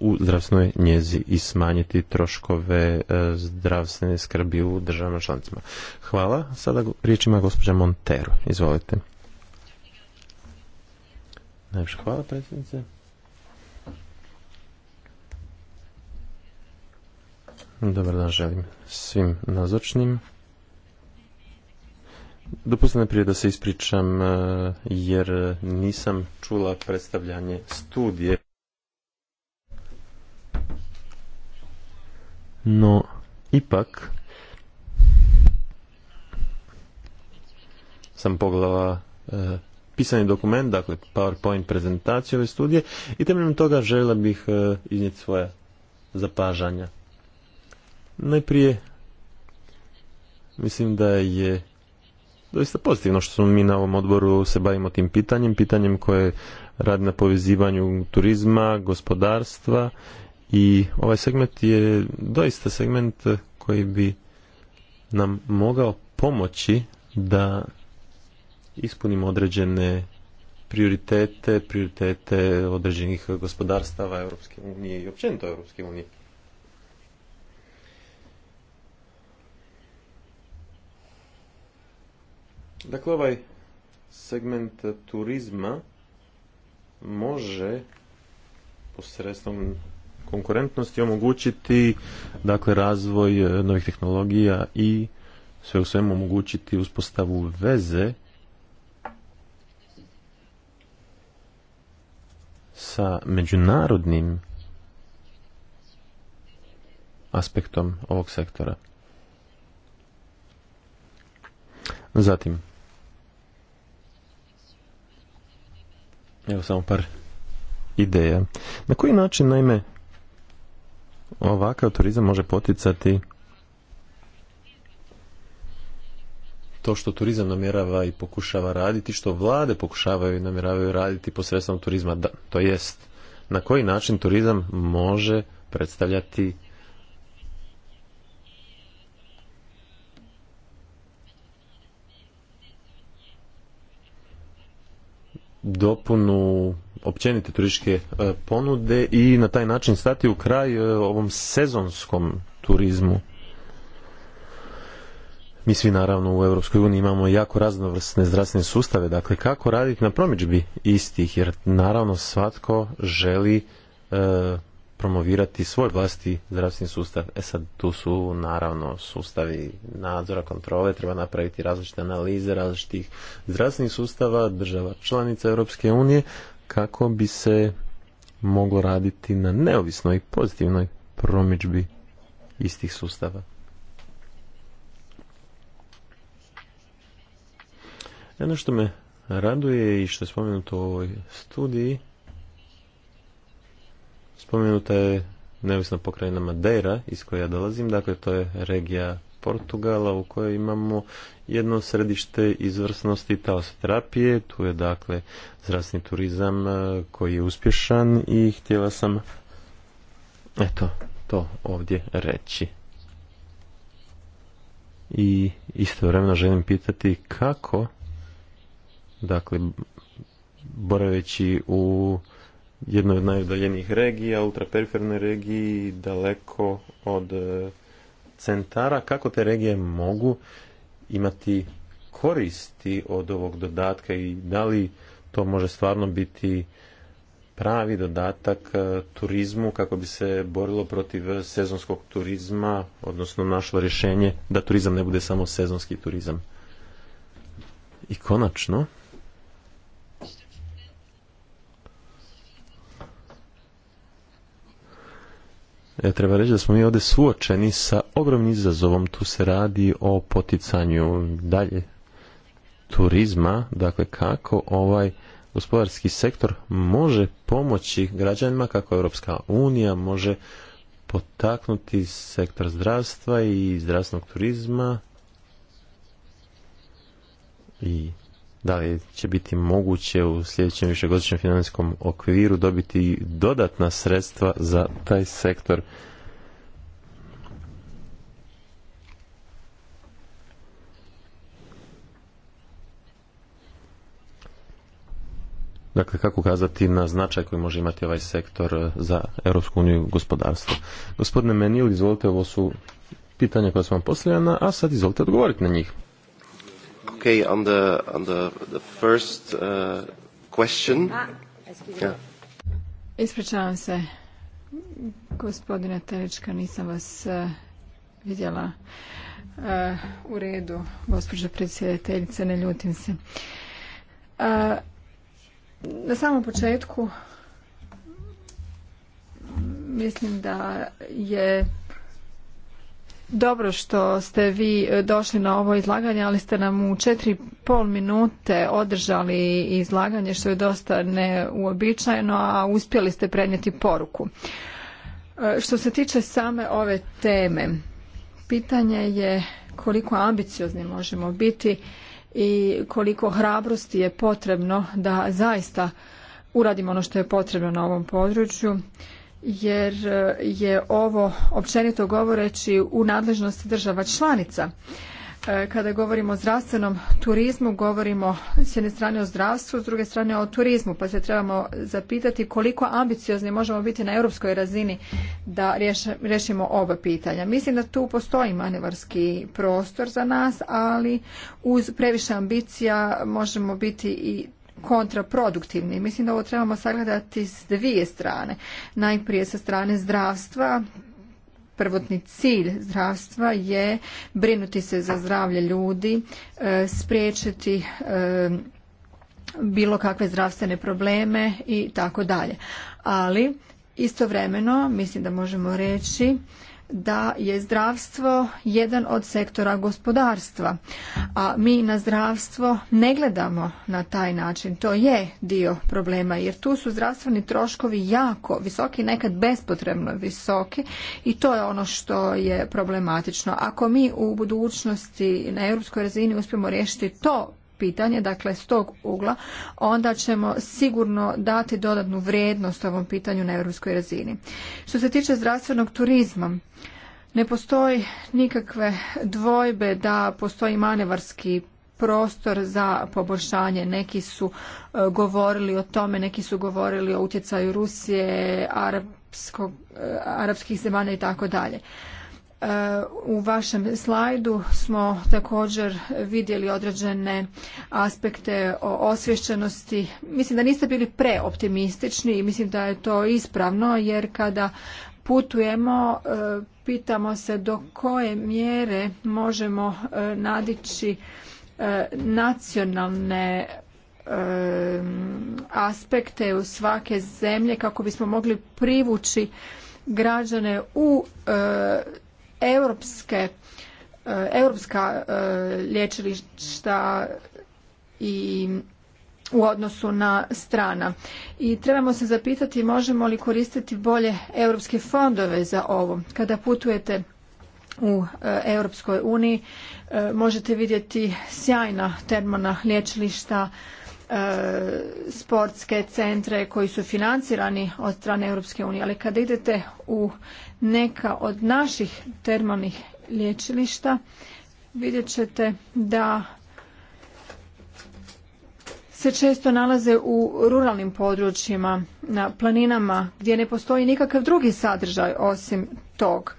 u zdravstvenoj njezi i smanjiti troškove e, zdravstvene skrbi u državama članicama. Hvala. Sada riječ ima gospođa Montero. Izvolite. Najviše hvala predsjednice. Dobar dan želim svim nazočnim. Dopustite prije da se ispričam e, jer nisam čula predstavljanje studije. No, ipak sam pogledala e, pisani dokument, dakle PowerPoint prezentaciju ove studije i temeljem toga žela bih e, iznijeti svoja zapažanja. Najprije mislim da je doista pozitivno što smo mi na ovom odboru se bavimo tim pitanjem, pitanjem koje radi na povezivanju turizma, gospodarstva i ovaj segment je doista segment koji bi nam mogao pomoći da ispunimo određene prioritete, prioritete određenih gospodarstava Europske unije i općenito Europske unije. Dakle, ovaj segment turizma može posredstvom konkurentnosti omogućiti dakle razvoj novih tehnologija i sve u svemu omogućiti uspostavu veze sa međunarodnim aspektom ovog sektora. Zatim, evo samo par ideja. Na koji način, naime, ovakav turizam može poticati to što turizam namjerava i pokušava raditi, što vlade pokušavaju i namjeravaju raditi posredstvom turizma, da, to jest na koji način turizam može predstavljati dopunu općenite turističke e, ponude i na taj način stati u kraj e, ovom sezonskom turizmu. Mi svi naravno u Europskoj uniji imamo jako raznovrsne zdravstvene sustave, dakle kako raditi na promidžbi istih, jer naravno svatko želi e, promovirati svoj vlasti zdravstveni sustav. E sad, tu su naravno sustavi nadzora, kontrole, treba napraviti različite analize različitih zdravstvenih sustava, država članica Europske unije, kako bi se moglo raditi na neovisnoj pozitivnoj promidžbi istih sustava. E, ono što me raduje i što je spomenuto u ovoj studiji, spomenuta je neovisna pokrajina Madeira iz koje ja dolazim, dakle to je regija Portugala u kojoj imamo jedno središte izvrsnosti taosoterapije, tu je dakle zrasni turizam e, koji je uspješan i htjela sam eto to ovdje reći. I istovremeno želim pitati kako dakle, boraveći u jednoj od najudaljenijih regija, ultraperiferne regiji, daleko od e, centara, kako te regije mogu imati koristi od ovog dodatka i da li to može stvarno biti pravi dodatak e, turizmu kako bi se borilo protiv sezonskog turizma, odnosno našlo rješenje da turizam ne bude samo sezonski turizam. I konačno, E, treba reći da smo mi ovdje suočeni sa ogromnim izazovom. Tu se radi o poticanju dalje turizma, dakle kako ovaj gospodarski sektor može pomoći građanima, kako Europska unija može potaknuti sektor zdravstva i zdravstvenog turizma i da li će biti moguće u sljedećem višegodišnjem financijskom okviru dobiti dodatna sredstva za taj sektor. Dakle, kako ukazati na značaj koji može imati ovaj sektor eh, za Europsku uniju gospodarstvo. Gospodine Menil, izvolite, ovo su pitanja koja su vam postavljena, a sad izvolite odgovoriti na njih. Okay, on the, first uh, question. Ah, Ispričavam se, gospodine Telička, nisam vas uh, vidjela uh, u redu, gospođo predsjedateljice, ne ljutim se. Na samom početku mislim da je dobro što ste vi e, došli na ovo izlaganje, ali ste nam u četiri pol minute održali izlaganje što je dosta neuobičajeno, a uspjeli ste prenijeti poruku. E, što se tiče same ove teme, pitanje je koliko ambiciozni možemo biti i koliko hrabrosti je potrebno da zaista uradimo ono što je potrebno na ovom području jer eh, je ovo općenito govoreći u nadležnosti država članica. Eh, kada govorimo o zdravstvenom turizmu, govorimo s jedne strane o zdravstvu, s druge strane o turizmu, pa se trebamo zapitati koliko ambiciozni možemo biti na europskoj razini da riješimo oba pitanja. Mislim da tu postoji manevarski prostor za nas, ali uz previše ambicija možemo biti i kontraproduktivni. Mislim da ovo trebamo sagledati s dvije strane. Najprije sa strane zdravstva, prvotni cilj zdravstva je brinuti se za zdravlje ljudi, e, spriječiti e, bilo kakve zdravstvene probleme i tako dalje. Ali istovremeno mislim da možemo reći da je zdravstvo jedan od sektora gospodarstva, a mi na zdravstvo ne gledamo na taj način. To je dio problema jer tu su zdravstveni troškovi jako visoki, nekad bespotrebno visoki i to je ono što je problematično. Ako mi u budućnosti na europskoj razini uspijemo riješiti to pitanje, dakle s tog ugla, onda ćemo sigurno dati dodatnu vrijednost ovom pitanju na europskoj razini. Što se tiče zdravstvenog turizma, ne postoji nikakve dvojbe da postoji manevarski prostor za poboljšanje. Neki su e, govorili o tome, neki su govorili o utjecaju Rusije, e, arapskih zemalja i tako dalje. U vašem slajdu smo također vidjeli određene aspekte o osvješćenosti. Mislim da niste bili preoptimistični i mislim da je to ispravno jer kada putujemo e, pitamo se do koje mjere možemo e, nadići e, nacionalne aspekte u svake zemlje kako bismo mogli privući građane u E, europska e, lječilišta i u odnosu na strana. I trebamo se zapitati možemo li koristiti bolje europske fondove za ovo. Kada putujete u e, Europskoj uniji možete vidjeti sjajna termona lječilišta E, sportske centre koji su financirani od strane Europske unije, ali kada idete u neka od naših termalnih lječilišta vidjet ćete da se često nalaze u ruralnim područjima, na planinama gdje ne postoji nikakav drugi sadržaj osim tog.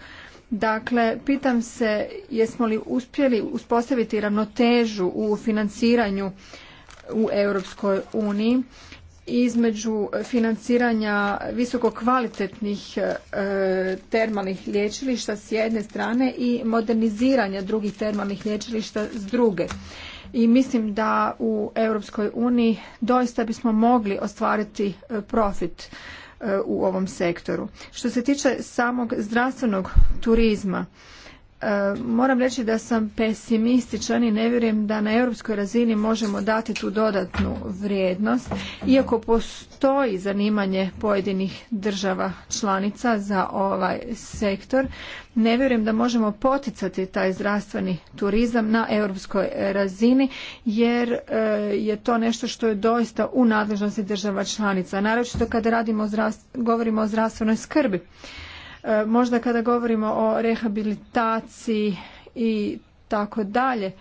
Dakle, pitam se jesmo li uspjeli uspostaviti ravnotežu u financiranju u Europskoj uniji između financiranja visokokvalitetnih e, termalnih lječilišta s jedne strane i moderniziranja drugih termalnih lječilišta s druge. I mislim da u Europskoj uniji doista bismo mogli ostvariti e, profit e, u ovom sektoru. Što se tiče samog zdravstvenog turizma, Moram reći da sam pesimističan i ne vjerujem da na europskoj razini možemo dati tu dodatnu vrijednost, iako postoji zanimanje pojedinih država članica za ovaj sektor. Ne vjerujem da možemo poticati taj zdravstveni turizam na europskoj razini, jer e, je to nešto što je doista u nadležnosti država članica, naročito kada radimo govorimo o zdravstvenoj skrbi. E, možda kada govorimo o rehabilitaciji i tako dalje,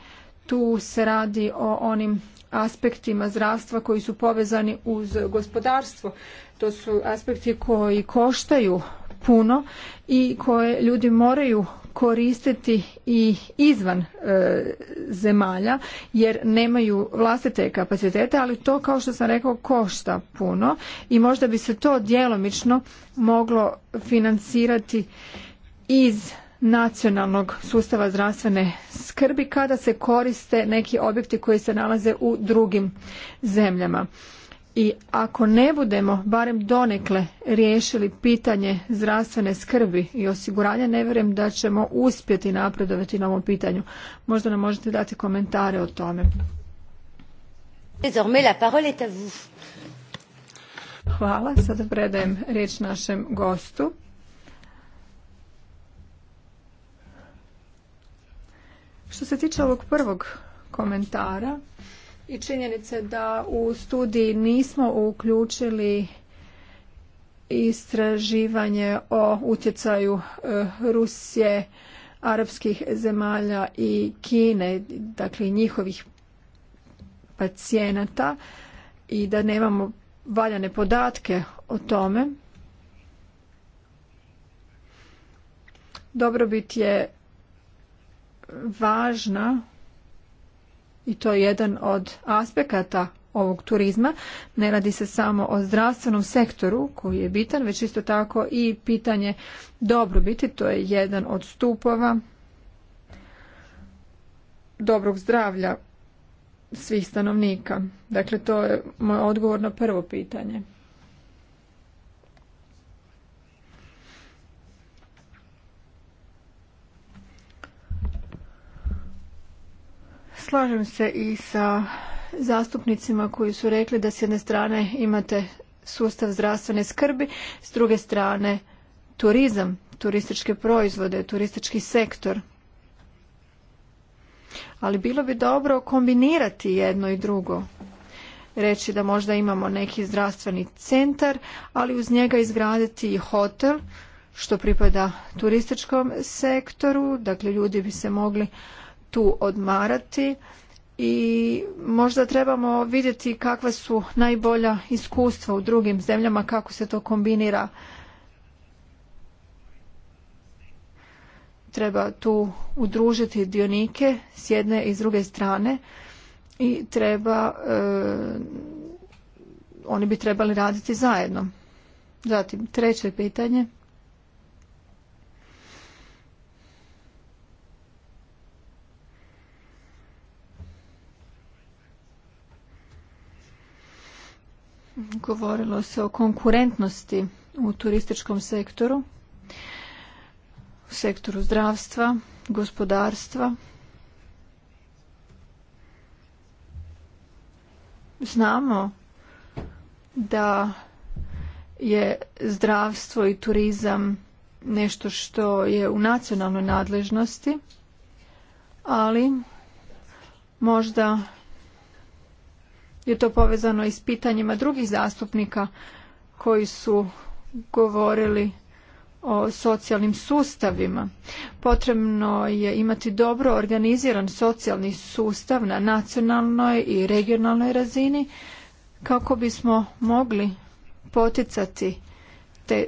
tu se radi o onim aspektima zdravstva koji su povezani uz gospodarstvo. To su aspekti koji koštaju puno i koje ljudi moraju koristiti i izvan e, zemalja jer nemaju vlastite kapacitete, ali to kao što sam rekao košta puno i možda bi se to djelomično moglo financirati iz nacionalnog sustava zdravstvene skrbi kada se koriste neki objekti koji se nalaze u drugim zemljama i ako ne budemo barem donekle riješili pitanje zdravstvene skrbi i osiguranja, ne vjerujem da ćemo uspjeti napredovati na ovom pitanju. Možda nam možete dati komentare o tome. Hvala, sada predajem riječ našem gostu. Što se tiče ovog prvog komentara, i činjenice da u studiji nismo uključili istraživanje o utjecaju e, Rusije, arapskih zemalja i Kine, dakle njihovih pacijenata i da nemamo valjane podatke o tome. Dobrobit je važna i to je jedan od aspekata ovog turizma. Ne radi se samo o zdravstvenom sektoru koji je bitan, već isto tako i pitanje dobrobiti, to je jedan od stupova dobrog zdravlja svih stanovnika. Dakle, to je moj odgovor na prvo pitanje. Slažem se i sa zastupnicima koji su rekli da s jedne strane imate sustav zdravstvene skrbi, s druge strane turizam, turističke proizvode, turistički sektor. Ali bilo bi dobro kombinirati jedno i drugo. Reći da možda imamo neki zdravstveni centar, ali uz njega izgraditi i hotel, što pripada turističkom sektoru, dakle ljudi bi se mogli tu odmarati i možda trebamo vidjeti kakva su najbolja iskustva u drugim zemljama, kako se to kombinira. Treba tu udružiti dionike s jedne i s druge strane i treba, e, oni bi trebali raditi zajedno. Zatim, treće pitanje. Govorilo se o konkurentnosti u turističkom sektoru, u sektoru zdravstva, gospodarstva. Znamo da je zdravstvo i turizam nešto što je u nacionalnoj nadležnosti, ali možda je to povezano i s pitanjima drugih zastupnika koji su govorili o socijalnim sustavima. Potrebno je imati dobro organiziran socijalni sustav na nacionalnoj i regionalnoj razini kako bismo mogli poticati te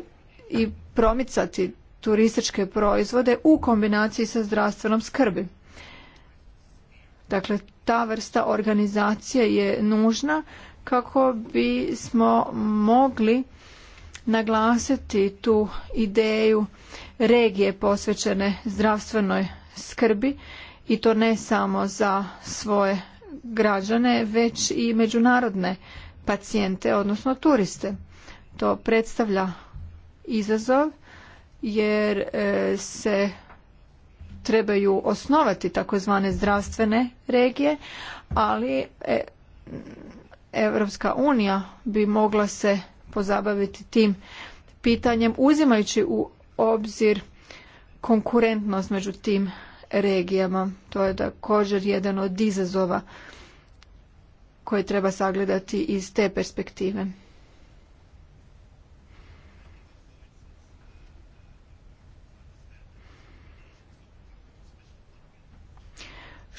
i promicati turističke proizvode u kombinaciji sa zdravstvenom skrbi. Dakle, ta vrsta organizacije je nužna kako bismo mogli naglasiti tu ideju regije posvećene zdravstvenoj skrbi i to ne samo za svoje građane, već i međunarodne pacijente, odnosno turiste. To predstavlja izazov jer e, se trebaju osnovati takozvane zdravstvene regije, ali Europska unija bi mogla se pozabaviti tim pitanjem uzimajući u obzir konkurentnost među tim regijama. To je također jedan od izazova koje treba sagledati iz te perspektive.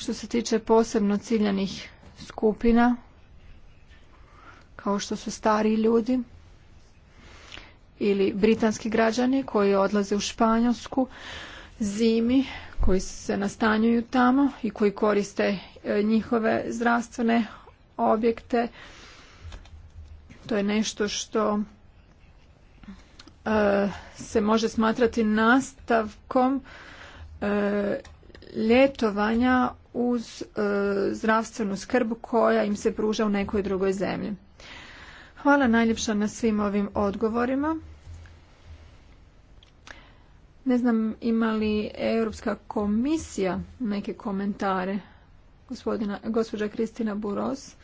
Što se tiče posebno ciljanih skupina, kao što su stariji ljudi ili britanski građani koji odlaze u Španjolsku zimi, koji se nastanjuju tamo i koji koriste e, njihove zdravstvene objekte. To je nešto što e, se može smatrati nastavkom e, ljetovanja uz e, zdravstvenu skrb koja im se pruža u nekoj drugoj zemlji. Hvala najljepša na svim ovim odgovorima. Ne znam ima li Europska komisija neke komentare. Gospodina, gospođa Kristina Buros.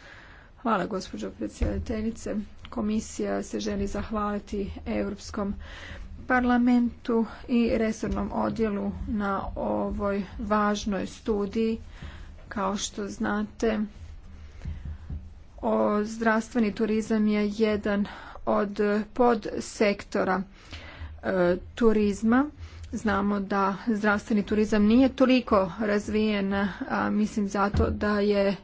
Hvala gospođo predsjedateljice. Komisija se želi zahvaliti Europskom parlamentu i resornom odjelu na ovoj važnoj studiji. Kao što znate, o zdravstveni turizam je jedan od podsektora e, turizma. Znamo da zdravstveni turizam nije toliko razvijen, a mislim zato da je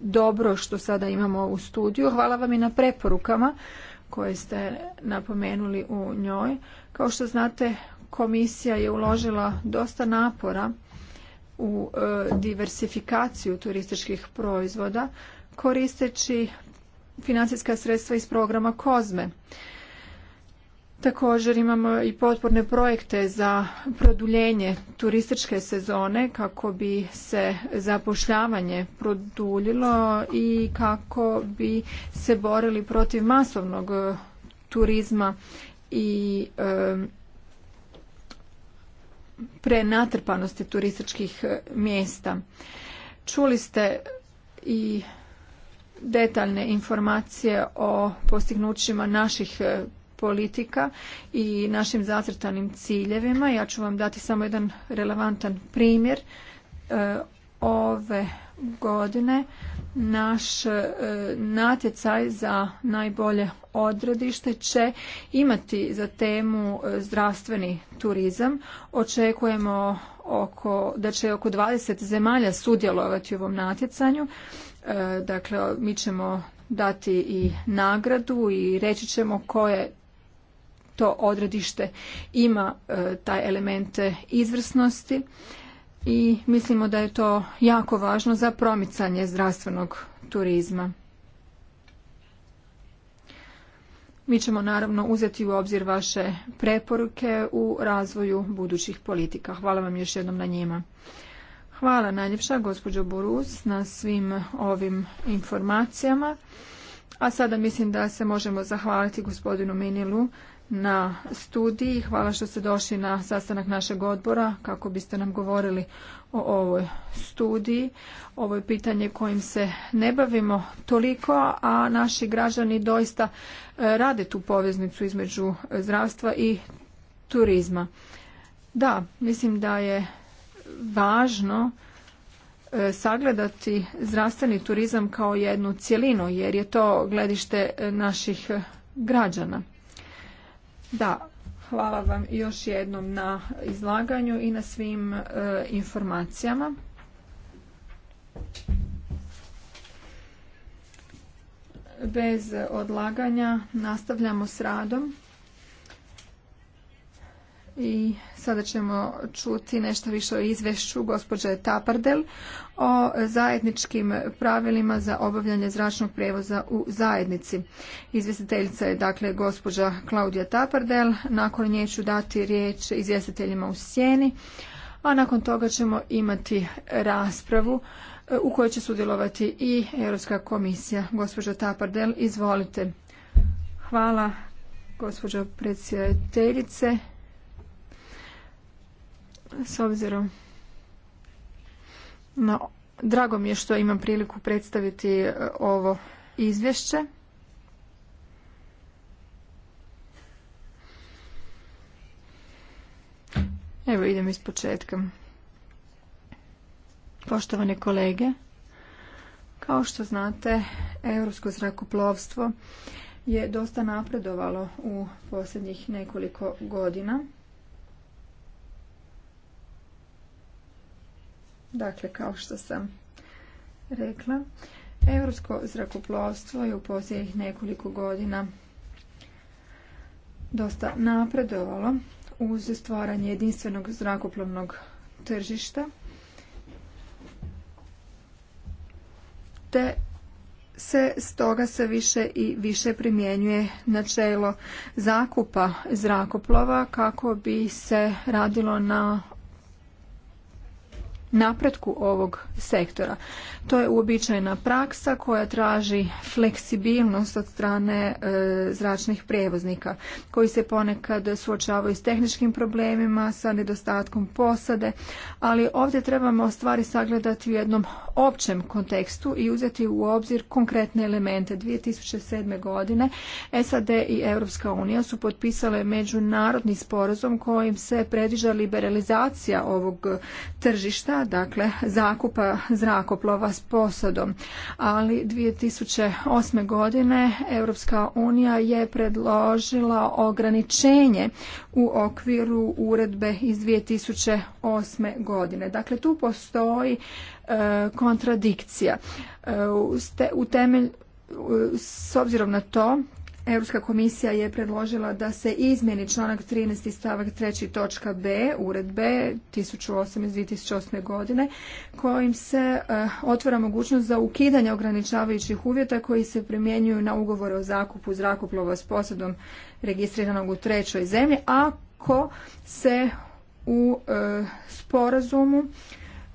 dobro što sada imamo ovu studiju. Hvala vam i na preporukama koje ste napomenuli u njoj. Kao što znate, komisija je uložila dosta napora u e, diversifikaciju turističkih proizvoda koristeći financijska sredstva iz programa Kozme. Također imamo i potporne projekte za produljenje turističke sezone kako bi se zapošljavanje produljilo i kako bi se borili protiv masovnog turizma i prenatrpanosti turističkih e, mjesta. Čuli ste i detaljne informacije o postignućima naših e, politika i našim zacrtanim ciljevima. Ja ću vam dati samo jedan relevantan primjer. E, ove godine naš e, natjecaj za najbolje odredište će imati za temu e, zdravstveni turizam. Očekujemo oko, da će oko 20 zemalja sudjelovati u ovom natjecanju. E, dakle, mi ćemo dati i nagradu i reći ćemo koje to odredište ima taj elemente izvrsnosti i mislimo da je to jako važno za promicanje zdravstvenog turizma. Mi ćemo naravno uzeti u obzir vaše preporuke u razvoju budućih politika. Hvala vam još jednom na njima. Hvala najljepša gospođo Borus na svim ovim informacijama. A sada mislim da se možemo zahvaliti gospodinu Minilu na studiji. Hvala što ste došli na sastanak našeg odbora kako biste nam govorili o ovoj studiji. Ovo je pitanje kojim se ne bavimo toliko, a naši građani doista e, rade tu poveznicu između zdravstva i turizma. Da, mislim da je važno e, sagledati zdravstveni turizam kao jednu cjelinu jer je to gledište e, naših građana. Da, hvala vam još jednom na izlaganju i na svim e, informacijama. Bez odlaganja nastavljamo s radom i sada ćemo čuti nešto više o izvješću gospođe Tapardel o zajedničkim pravilima za obavljanje zračnog prijevoza u zajednici. Izvjestiteljica je dakle gospođa Klaudija Tapardel, nakon nje ću dati riječ izvjestiteljima u sjeni, a nakon toga ćemo imati raspravu e, u kojoj će sudjelovati i Europska komisija. Gospođa Tapardel, izvolite. Hvala gospođo predsjedateljice s obzirom na drago mi je što imam priliku predstaviti e, ovo izvješće. Evo idem iz početka. Poštovane kolege, kao što znate, europsko zrakoplovstvo je dosta napredovalo u posljednjih nekoliko godina. Dakle, kao što sam rekla, europsko zrakoplovstvo je u posljednjih nekoliko godina dosta napredovalo uz stvaranje jedinstvenog zrakoplovnog tržišta te se stoga se više i više primjenjuje načelo zakupa zrakoplova kako bi se radilo na napretku ovog sektora. To je uobičajena praksa koja traži fleksibilnost od strane e, zračnih prijevoznika koji se ponekad suočavaju s tehničkim problemima, sa nedostatkom posade, ali ovdje trebamo stvari sagledati u jednom općem kontekstu i uzeti u obzir konkretne elemente. 2007. godine SAD i Europska unija su potpisale međunarodni sporazum kojim se predviđa liberalizacija ovog tržišta dakle zakupa zrakoplova s posadom. Ali 2008. godine Europska unija je predložila ograničenje u okviru uredbe iz 2008. godine. Dakle, tu postoji e, kontradikcija. E, ste, u temelj, s obzirom na to Europska komisija je predložila da se izmjeni članak 13. stavak 3. točka B uredbe 1008 iz godine kojim se eh, otvara mogućnost za ukidanje ograničavajućih uvjeta koji se primjenjuju na ugovore o zakupu zrakoplova s posadom registriranog u trećoj zemlji ako se u eh, sporazumu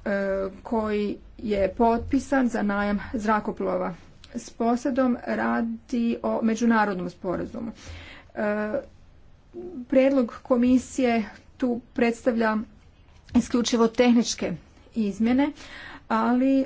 eh, koji je potpisan za najam zrakoplova s posadom radi o međunarodnom sporazumu. E, Predlog komisije tu predstavlja isključivo tehničke izmjene, ali e,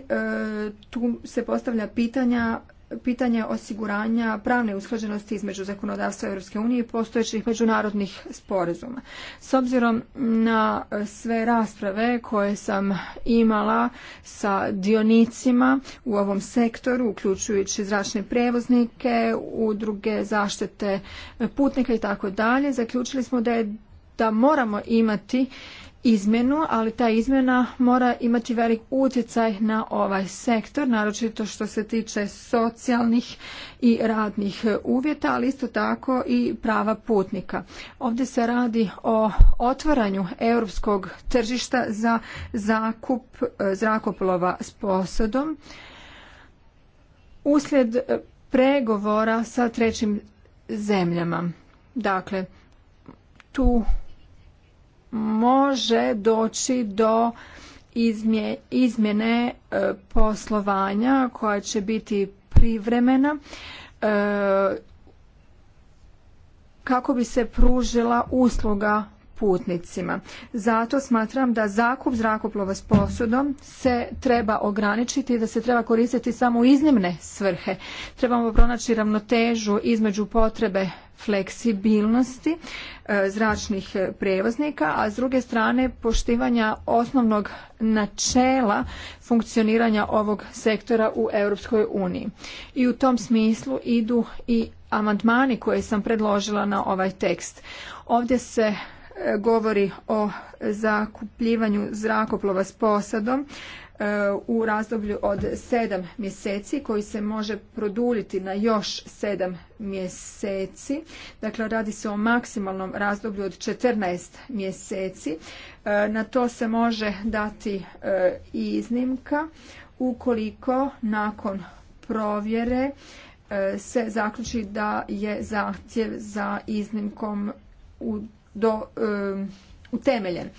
tu se postavlja pitanja pitanje osiguranja pravne usklađenosti između zakonodavstva Europske unije i postojećih međunarodnih sporazuma. S obzirom na sve rasprave koje sam imala sa dionicima u ovom sektoru, uključujući zračne prevoznike, udruge zaštite putnika i tako dalje, zaključili smo da da moramo imati izmjenu, ali ta izmjena mora imati velik utjecaj na ovaj sektor, naročito što se tiče socijalnih i radnih uvjeta, ali isto tako i prava putnika. Ovdje se radi o otvaranju europskog tržišta za zakup e, zrakoplova s posadom. Uslijed pregovora sa trećim zemljama. Dakle, tu može doći do izmjene e, poslovanja koja će biti privremena e, kako bi se pružila usluga putnicima. Zato smatram da zakup zrakoplova s posudom se treba ograničiti i da se treba koristiti samo u iznimne svrhe. Trebamo pronaći ravnotežu između potrebe fleksibilnosti e, zračnih prijevoznika, a s druge strane poštivanja osnovnog načela funkcioniranja ovog sektora u Europskoj uniji. I u tom smislu idu i amandmani koje sam predložila na ovaj tekst. Ovdje se E, govori o zakupljivanju zrakoplova s posadom e, u razdoblju od 7 mjeseci koji se može produljiti na još 7 mjeseci. Dakle, radi se o maksimalnom razdoblju od 14 mjeseci. E, na to se može dati iznimka ukoliko nakon provjere se zaključi da je zahtjev za iznimkom u do utemeljen.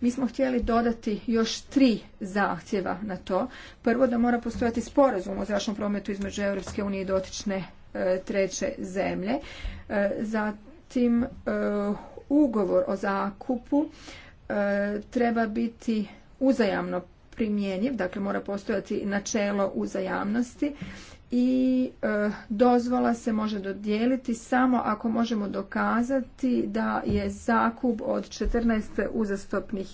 Mi smo htjeli dodati još tri zahtjeva na to. Prvo da mora postojati sporazum o zračnom prometu između Europske unije i dotične e, treće zemlje. E, zatim e, ugovor o zakupu treba biti uzajamno primjenjiv, dakle mora postojati načelo uzajamnosti i e, dozvola se može dodijeliti samo ako možemo dokazati da je zakup od 14 uzastopnih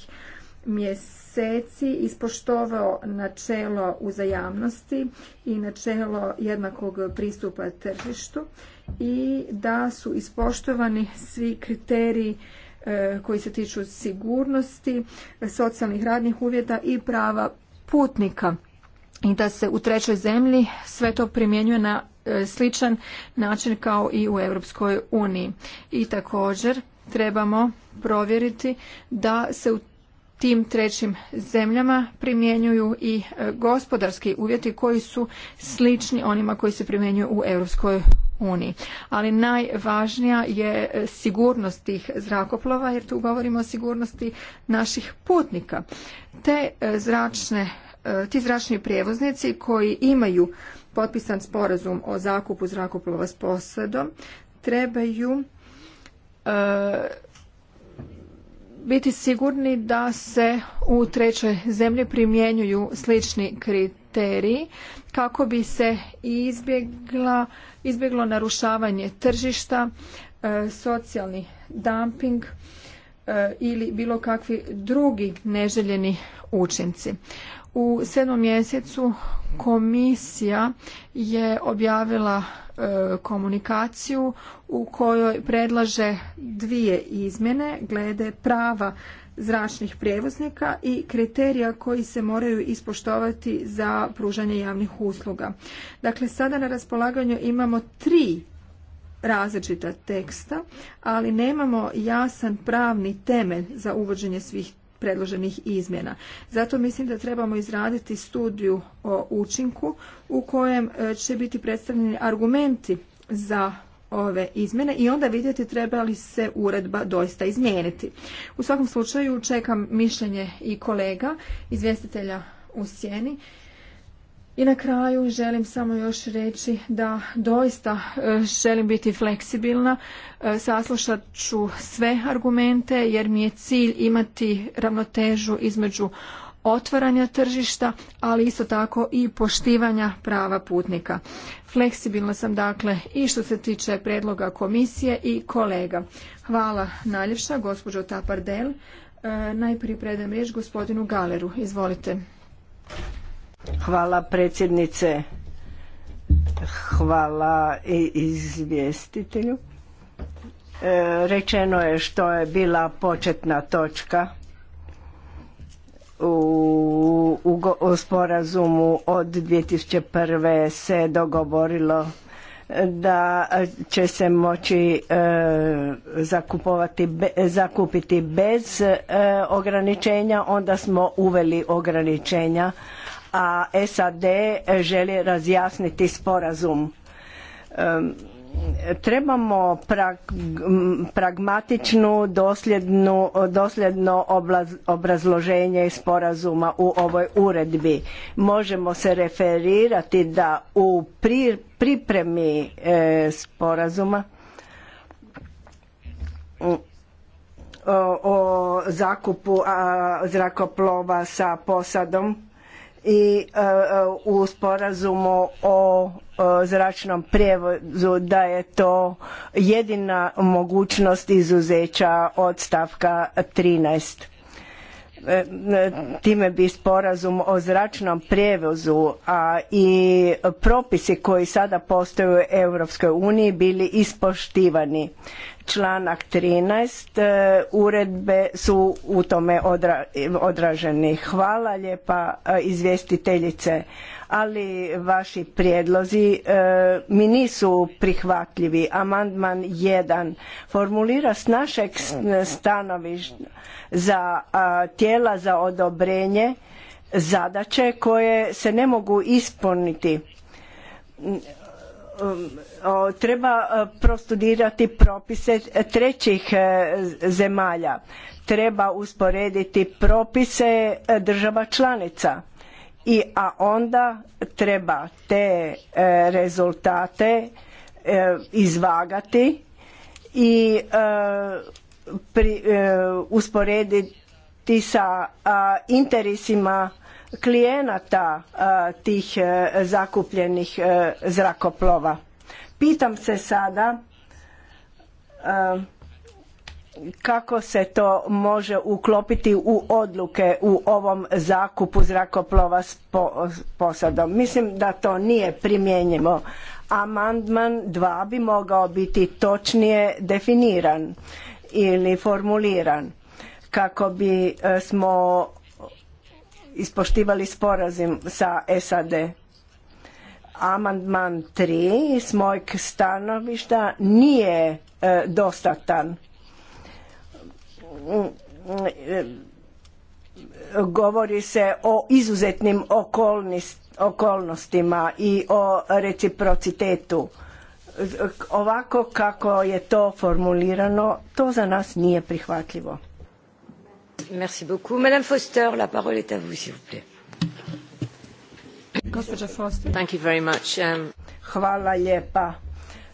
mjeseci ispoštovao načelo uzajamnosti i načelo jednakog pristupa tržištu i da su ispoštovani svi kriteriji e, koji se tiču sigurnosti, socijalnih radnih uvjeta i prava putnika i da se u trećoj zemlji sve to primjenjuje na e, sličan način kao i u Europskoj uniji. I također trebamo provjeriti da se u tim trećim zemljama primjenjuju i e, gospodarski uvjeti koji su slični onima koji se primjenjuju u Europskoj uniji. Ali najvažnija je e, sigurnost tih zrakoplova jer tu govorimo o sigurnosti naših putnika. Te zračne E, ti zračni prijevoznici koji imaju potpisan sporazum o zakupu zrakoplova s posadom trebaju e, biti sigurni da se u trećoj zemlji primjenjuju slični kriteriji kako bi se izbjeglo narušavanje tržišta, e, socijalni dumping ili bilo kakvi drugi neželjeni učinci. U sedmom mjesecu komisija je objavila e, komunikaciju u kojoj predlaže dvije izmjene glede prava zračnih prijevoznika i kriterija koji se moraju ispoštovati za pružanje javnih usluga. Dakle, sada na raspolaganju imamo tri različita teksta, ali nemamo jasan pravni temelj za uvođenje svih predloženih izmjena. Zato mislim da trebamo izraditi studiju o učinku u kojem e, će biti predstavljeni argumenti za ove izmjene i onda vidjeti treba li se uredba doista izmijeniti. U svakom slučaju čekam mišljenje i kolega, izvjestitelja u sjeni i na kraju želim samo još reći da doista e, želim biti fleksibilna, e, saslušat ću sve argumente jer mi je cilj imati ravnotežu između otvaranja tržišta, ali isto tako i poštivanja prava putnika. Fleksibilna sam dakle i što se tiče predloga komisije i kolega. Hvala najljepša, gospođo Tapardel. E, najprije predam riječ gospodinu Galeru. Izvolite. Hvala predsjednice. Hvala i izvjestitelju. E, rečeno je što je bila početna točka u, u, u sporazumu od 2001. se dogovorilo da će se moći e, zakupovati zakupiti bez e, ograničenja onda smo uveli ograničenja a SAD želi razjasniti sporazum. Trebamo prag, pragmatičnu, dosljednu, dosljedno oblaz, obrazloženje sporazuma u ovoj uredbi. Možemo se referirati da u pripremi e, sporazuma o, o zakupu zrakoplova sa posadom i e, e, u sporazumu o e, zračnom prijevozu da je to jedina mogućnost izuzeća od stavka 13 time bi sporazum o zračnom prijevozu a i propisi koji sada postoje u europskoj uniji bili ispoštivani članak 13 e, uredbe su u tome odraženi. Hvala lijepa e, izvjestiteljice, ali vaši prijedlozi e, mi nisu prihvatljivi. Amandman 1 formulira s našeg stanovišta za tijela za odobrenje zadaće koje se ne mogu ispuniti Um, treba e, prostudirati propise trećih e, zemalja treba usporediti propise e, država članica i a onda treba te rezultate izvagati i usporediti sa interesima klijenata tih e, zakupljenih e, zrakoplova. Pitam se sada kako se to može uklopiti u odluke u ovom zakupu zrakoplova s posadom. Mislim da to nije primjenjivo. Amandman 2 bi mogao biti točnije definiran ili formuliran kako bi e, smo ispoštivali sporazum sa SAD. Amandman 3 s mojeg stanovišta nije e, dostatan. Govori se o izuzetnim okolnostima i o reciprocitetu. Ovako kako je to formulirano, to za nas nije prihvatljivo. Foster, Hvala lijepa.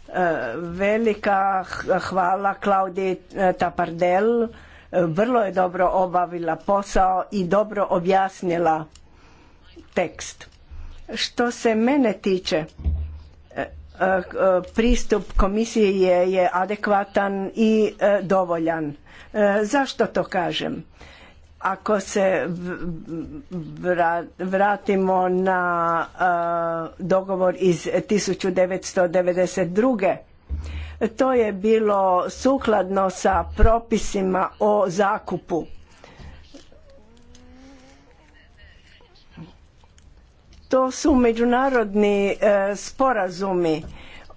E, velika hvala Claudi e, Tapardel. E, vrlo je dobro obavila posao i dobro objasnila tekst. Što se mene tiče, pristup komisije je adekvatan i dovoljan E, zašto to kažem? Ako se vratimo na e, dogovor iz 1992. To je bilo sukladno sa propisima o zakupu. To su međunarodni e, sporazumi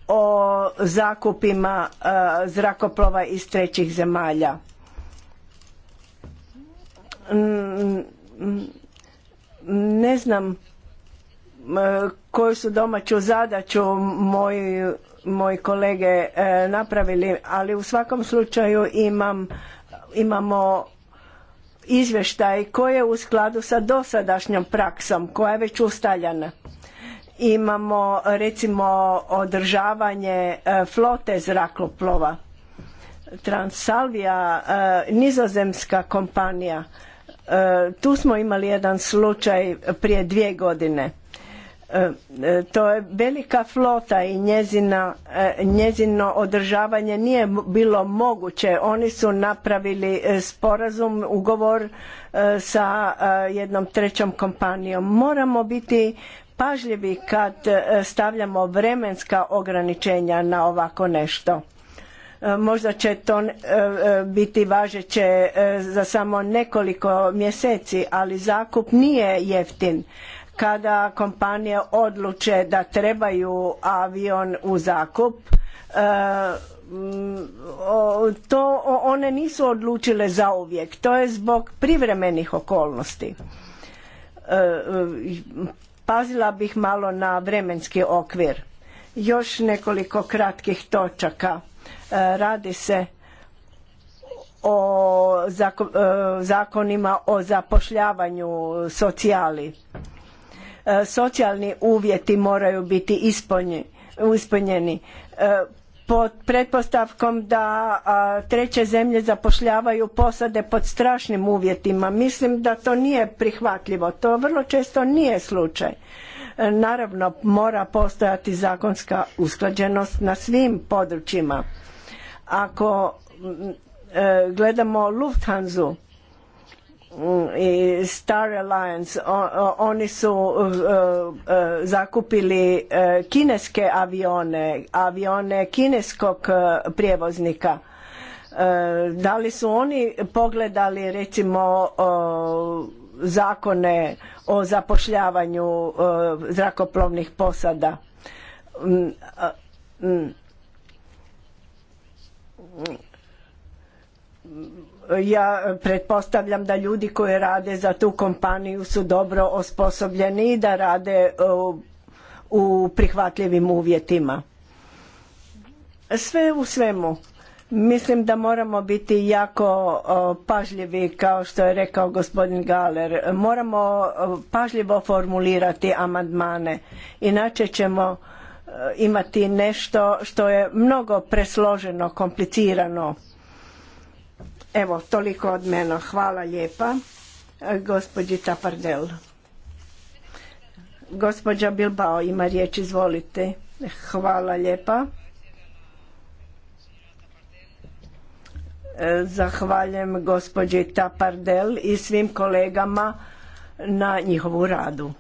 o zakupima zrakoplova iz trećih zemalja ne znam e, koju su domaću zadaću moji, kolege e, napravili, ali u svakom slučaju imam, imamo izvještaj koji je u skladu sa dosadašnjom praksom koja je već ustaljena. Imamo recimo održavanje e, flote zrakoplova. Transalvija, nizozemska kompanija, E, tu smo imali jedan slučaj prije dvije godine. E, e, to je velika flota i njezina, njezino održavanje nije bilo moguće. Oni su napravili sporazum, ugovor sa jednom trećom kompanijom. Moramo biti pažljivi kad stavljamo vremenska ograničenja na ovako nešto Možda će to e, e, biti važeće e, za samo nekoliko mjeseci, ali zakup nije jeftin. Kada kompanije odluče da trebaju avion u zakup, mm, to one nisu odlučile zauvijek. To je zbog privremenih okolnosti. Pazila bih malo na vremenski okvir. Još nekoliko kratkih točaka Radi se o e, zakonima o zapošljavanju socijali. E, socijalni uvjeti moraju biti ispunjeni e, pod pretpostavkom da treće zemlje zapošljavaju posade pod strašnim uvjetima. Mislim da to nije prihvatljivo. To vrlo često nije slučaj. Naravno, mora postojati zakonska usklađenost na svim područjima ako mm, e, gledamo Lufthansa mm, i Star Alliance, oni su e, e, zakupili kineske avione, avione kineskog prijevoznika. Da li su oni pogledali recimo zakone o zapošljavanju zrakoplovnih posada? Mm, ja pretpostavljam da ljudi koji rade za tu kompaniju su dobro osposobljeni i da rade e, u prihvatljivim uvjetima. Sve u svemu, mislim da moramo biti jako e, pažljivi kao što je rekao gospodin Galer. Moramo e, pažljivo formulirati amandmane, inače ćemo Eh, imati nešto što je mnogo presloženo, komplicirano. Evo, toliko od mene. Hvala lijepa, eh, gospođi Tapardel. Gospođa Bilbao ima riječ, izvolite. Hvala lijepa. Eh, zahvaljujem gospođi Tapardel i svim kolegama na njihovu radu.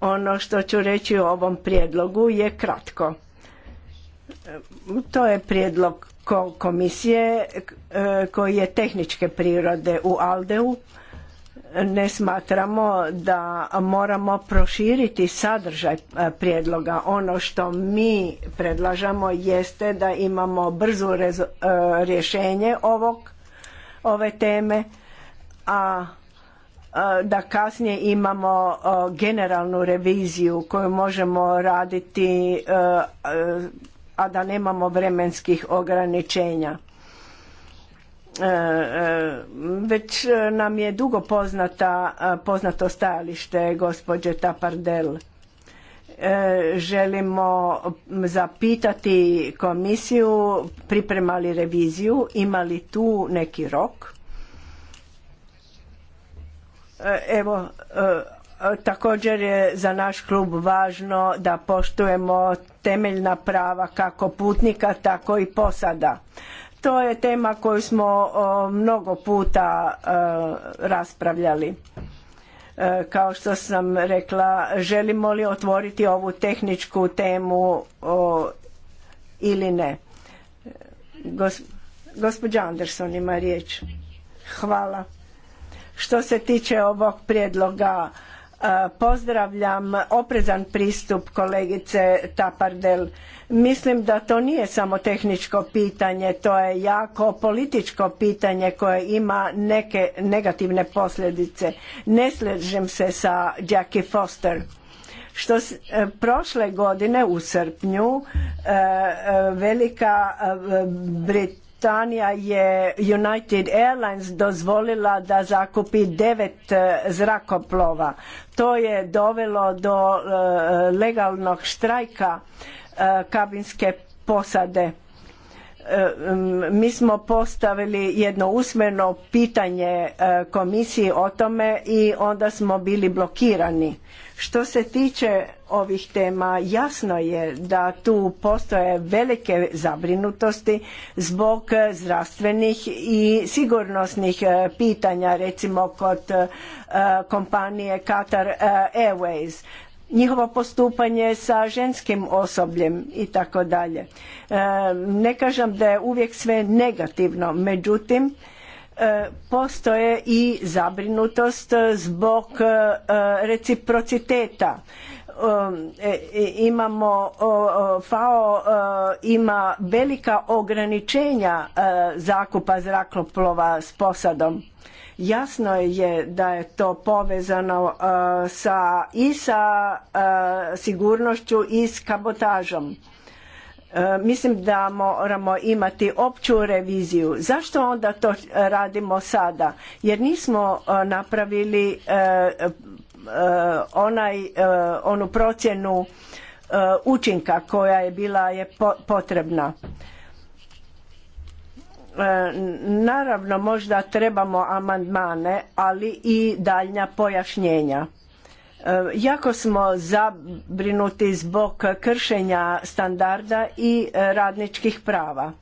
Ono što ću reći o ovom prijedlogu je kratko. To je prijedlog komisije e, koji je tehničke prirode u Aldeu. Ne smatramo da moramo proširiti sadržaj e, prijedloga. Ono što mi predlažamo jeste da imamo brzo e, rješenje ovog, ove teme, a da kasnije imamo generalnu reviziju koju možemo raditi e, a da nemamo vremenskih ograničenja e, e, već nam je dugo poznata, poznato stajalište gospođe Tapardel. Želimo zapitati komisiju, pripremali reviziju, imali tu neki rok E, evo, e, e, također je za naš klub važno da poštujemo temeljna prava kako putnika, tako i posada. To je tema koju smo mnogo puta raspravljali. Kao što sam rekla, želimo li otvoriti ovu tehničku temu ili ne. Gospođa Anderson ima riječ. Hvala. Što se tiče ovog prijedloga, e, pozdravljam oprezan pristup kolegice Tapardel. Mislim da to nije samo tehničko pitanje, to je jako političko pitanje koje ima neke negativne posljedice. Ne slažem se sa Jackie Foster. Što e, prošle godine u srpnju e, Velika Britanija Britanija je United Airlines dozvolila da zakupi devet e, zrakoplova. To je dovelo do e, legalnog štrajka e, kabinske posade. Mi smo postavili jedno usmeno pitanje komisiji o tome i onda smo bili blokirani što se tiče ovih tema, jasno je da tu postoje velike zabrinutosti zbog zdravstvenih i sigurnosnih e, pitanja, recimo kod e, kompanije Qatar e, Airways njihovo postupanje sa ženskim osobljem i tako dalje. Ne kažem da je uvijek sve negativno, međutim E, postoje i zabrinutost zbog e, reciprociteta e, imamo FAO ima velika ograničenja zakupa zrakoplova s posadom. Jasno je da je to povezano sa, i sa sigurnošću i s kabotažom E, mislim da moramo imati opću reviziju. Zašto onda to radimo sada? Jer nismo e, napravili e, onaj, onu procjenu učinka koja je bila je potrebna. Naravno možda trebamo amandmane, ali i daljnja pojašnjenja E, jako smo zabrinuti zbog kršenja standarda i e, radničkih prava.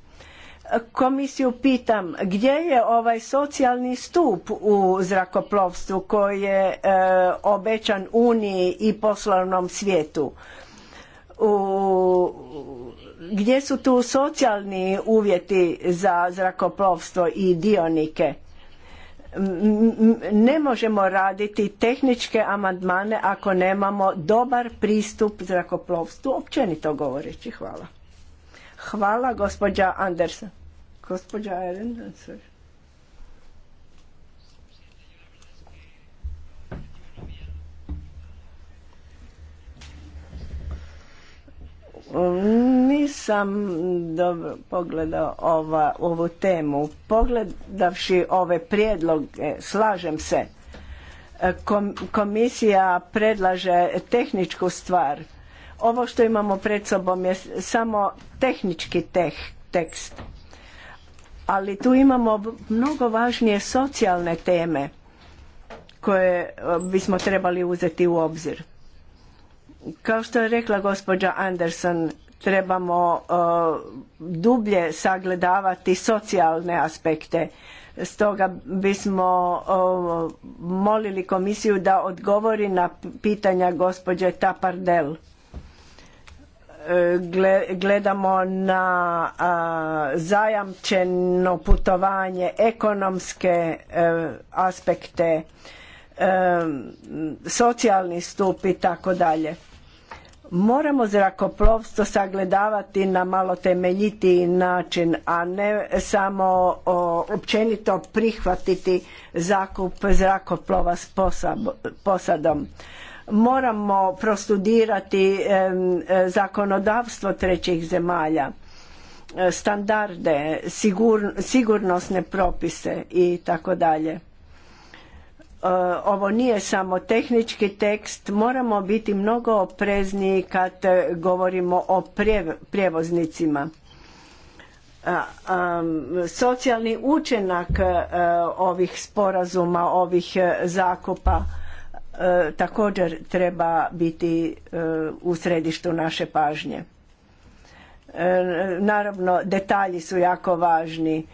Komisiju pitam gdje je ovaj socijalni stup u zrakoplovstvu koji je e, obećan Uniji i poslovnom svijetu? gdje su tu socijalni uvjeti za zrakoplovstvo i dionike? ne možemo raditi tehničke amandmane ako nemamo dobar pristup zrakoplovstvu, općenito govoreći. Hvala. Hvala gospođa Andersen. Gospođa Nisam dobro pogledao ova, ovu temu. Pogledavši ove prijedloge, slažem se. E, komisija predlaže tehničku stvar. Ovo što imamo pred sobom je samo tehnički teh, tekst. Ali tu imamo mnogo važnije socijalne teme koje e, bismo trebali uzeti u obzir. Kao što je rekla gospođa Anderson, trebamo e, dublje sagledavati socijalne aspekte. Stoga bismo e, molili komisiju da odgovori na pitanja gospođe Tapardel. E, gledamo na zajamčeno putovanje, ekonomske aspekte, socijalni stup i tako dalje Moramo zrakoplovstvo sagledavati na malo temeljitiji način, a ne samo općenito prihvatiti zakup zrakoplova s posadom. Moramo prostudirati zakonodavstvo trećih zemalja, e, standarde, sigurnosne propise i tako dalje E, ovo nije samo tehnički tekst, moramo biti mnogo oprezniji kad govorimo o prijevoznicima. Socijalni učenak e, ovih sporazuma, ovih e, zakupa također treba biti u središtu naše pažnje. Naravno, detalji su jako važni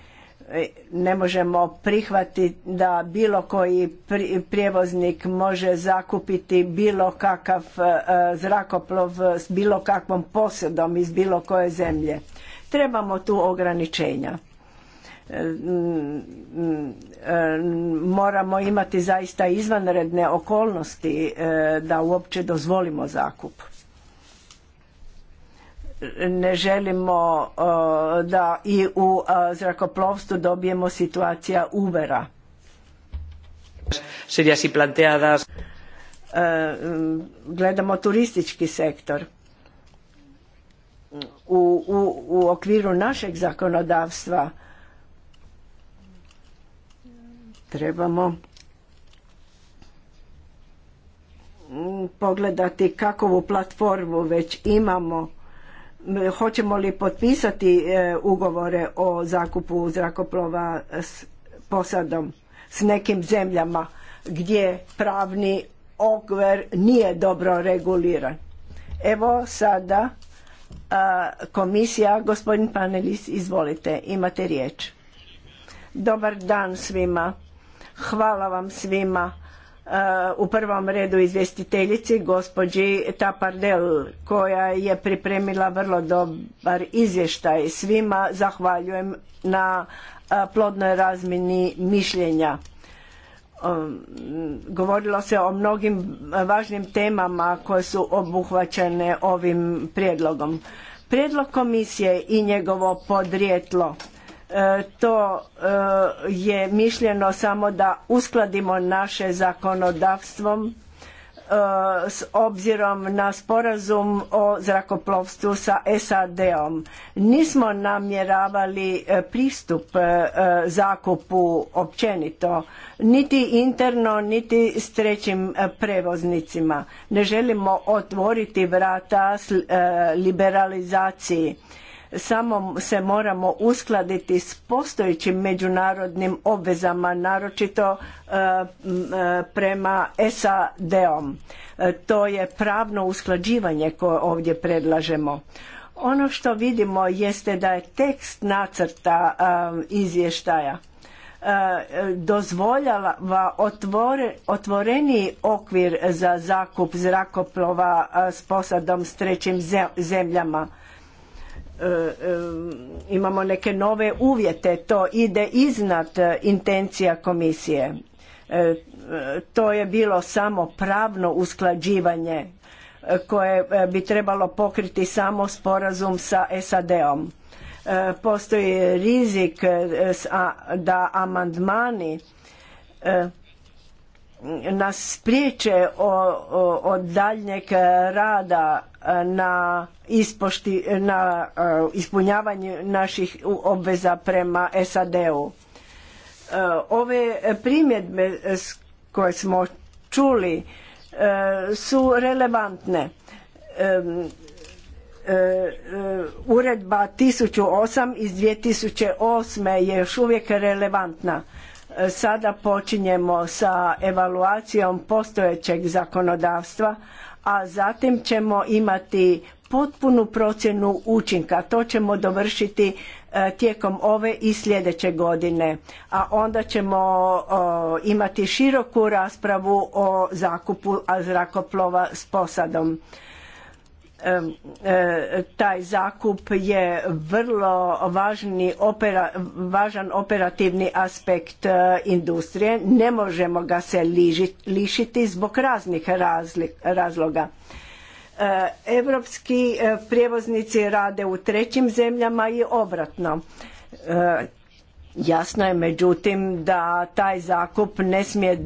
E, ne možemo prihvatiti da bilo koji prijevoznik može zakupiti bilo kakav e, zrakoplov s bilo kakvom posjedom iz bilo koje zemlje. Trebamo tu ograničenja. E, moramo imati zaista izvanredne okolnosti da uopće dozvolimo zakup ne želimo da i u zrakoplovstvu dobijemo situacija Ubera. E, gledamo turistički sektor. U, u okviru našeg zakonodavstva trebamo pogledati kakvu platformu već imamo hoćemo li potpisati e, ugovore o zakupu zrakoplova s posadom s nekim zemljama gdje pravni okvir nije dobro reguliran. Evo sada e, komisija, gospodin panelist, izvolite, imate riječ. Dobar dan svima. Hvala vam svima u prvom redu izvjestiteljici gospođi Tapardel koja je pripremila vrlo dobar izvještaj. Svima zahvaljujem na plodnoj razmini mišljenja. Um, govorilo se o mnogim važnim temama koje su obuhvaćene ovim prijedlogom. Prijedlog komisije i njegovo podrijetlo E, to e, je mišljeno samo da uskladimo naše zakonodavstvom e, s obzirom na sporazum o zrakoplovstvu sa SAD-om. Nismo namjeravali pristup zakupu općenito, niti interno, niti s trećim prevoznicima. Ne želimo otvoriti vrata liberalizaciji samo se moramo uskladiti s postojećim međunarodnim obvezama, naročito e, e, prema SAD-om. E, to je pravno usklađivanje koje ovdje predlažemo. Ono što vidimo jeste da je tekst nacrta izvještaja dozvoljava otvoreni otvoreniji okvir za zakup zrakoplova s posadom s trećim zemljama E, e, imamo neke nove uvjete, to ide iznad e, intencija komisije. To je bilo samo pravno usklađivanje koje bi trebalo pokriti samo sporazum sa SAD-om. Postoji rizik da amandmani nas spriječe od daljnjeg rada e, na, ispošti, na e, ispunjavanju naših obveza prema SAD-u. E, ove primjedbe koje smo čuli su relevantne. Uredba 1008 iz 2008. je još uvijek relevantna E, sada počinjemo sa evaluacijom postojećeg zakonodavstva, a zatim ćemo imati potpunu procjenu učinka. To ćemo dovršiti e, tijekom ove i sljedeće godine. A onda ćemo imati široku raspravu o zakupu zrakoplova s posadom. E, taj zakup je vrlo važan operativni aspekt e, industrije. Ne možemo ga se lišiti zbog raznih razloga. Europski e, prijevoznici rade u trećim zemljama i obratno. Jasno je međutim da taj zakup ne smije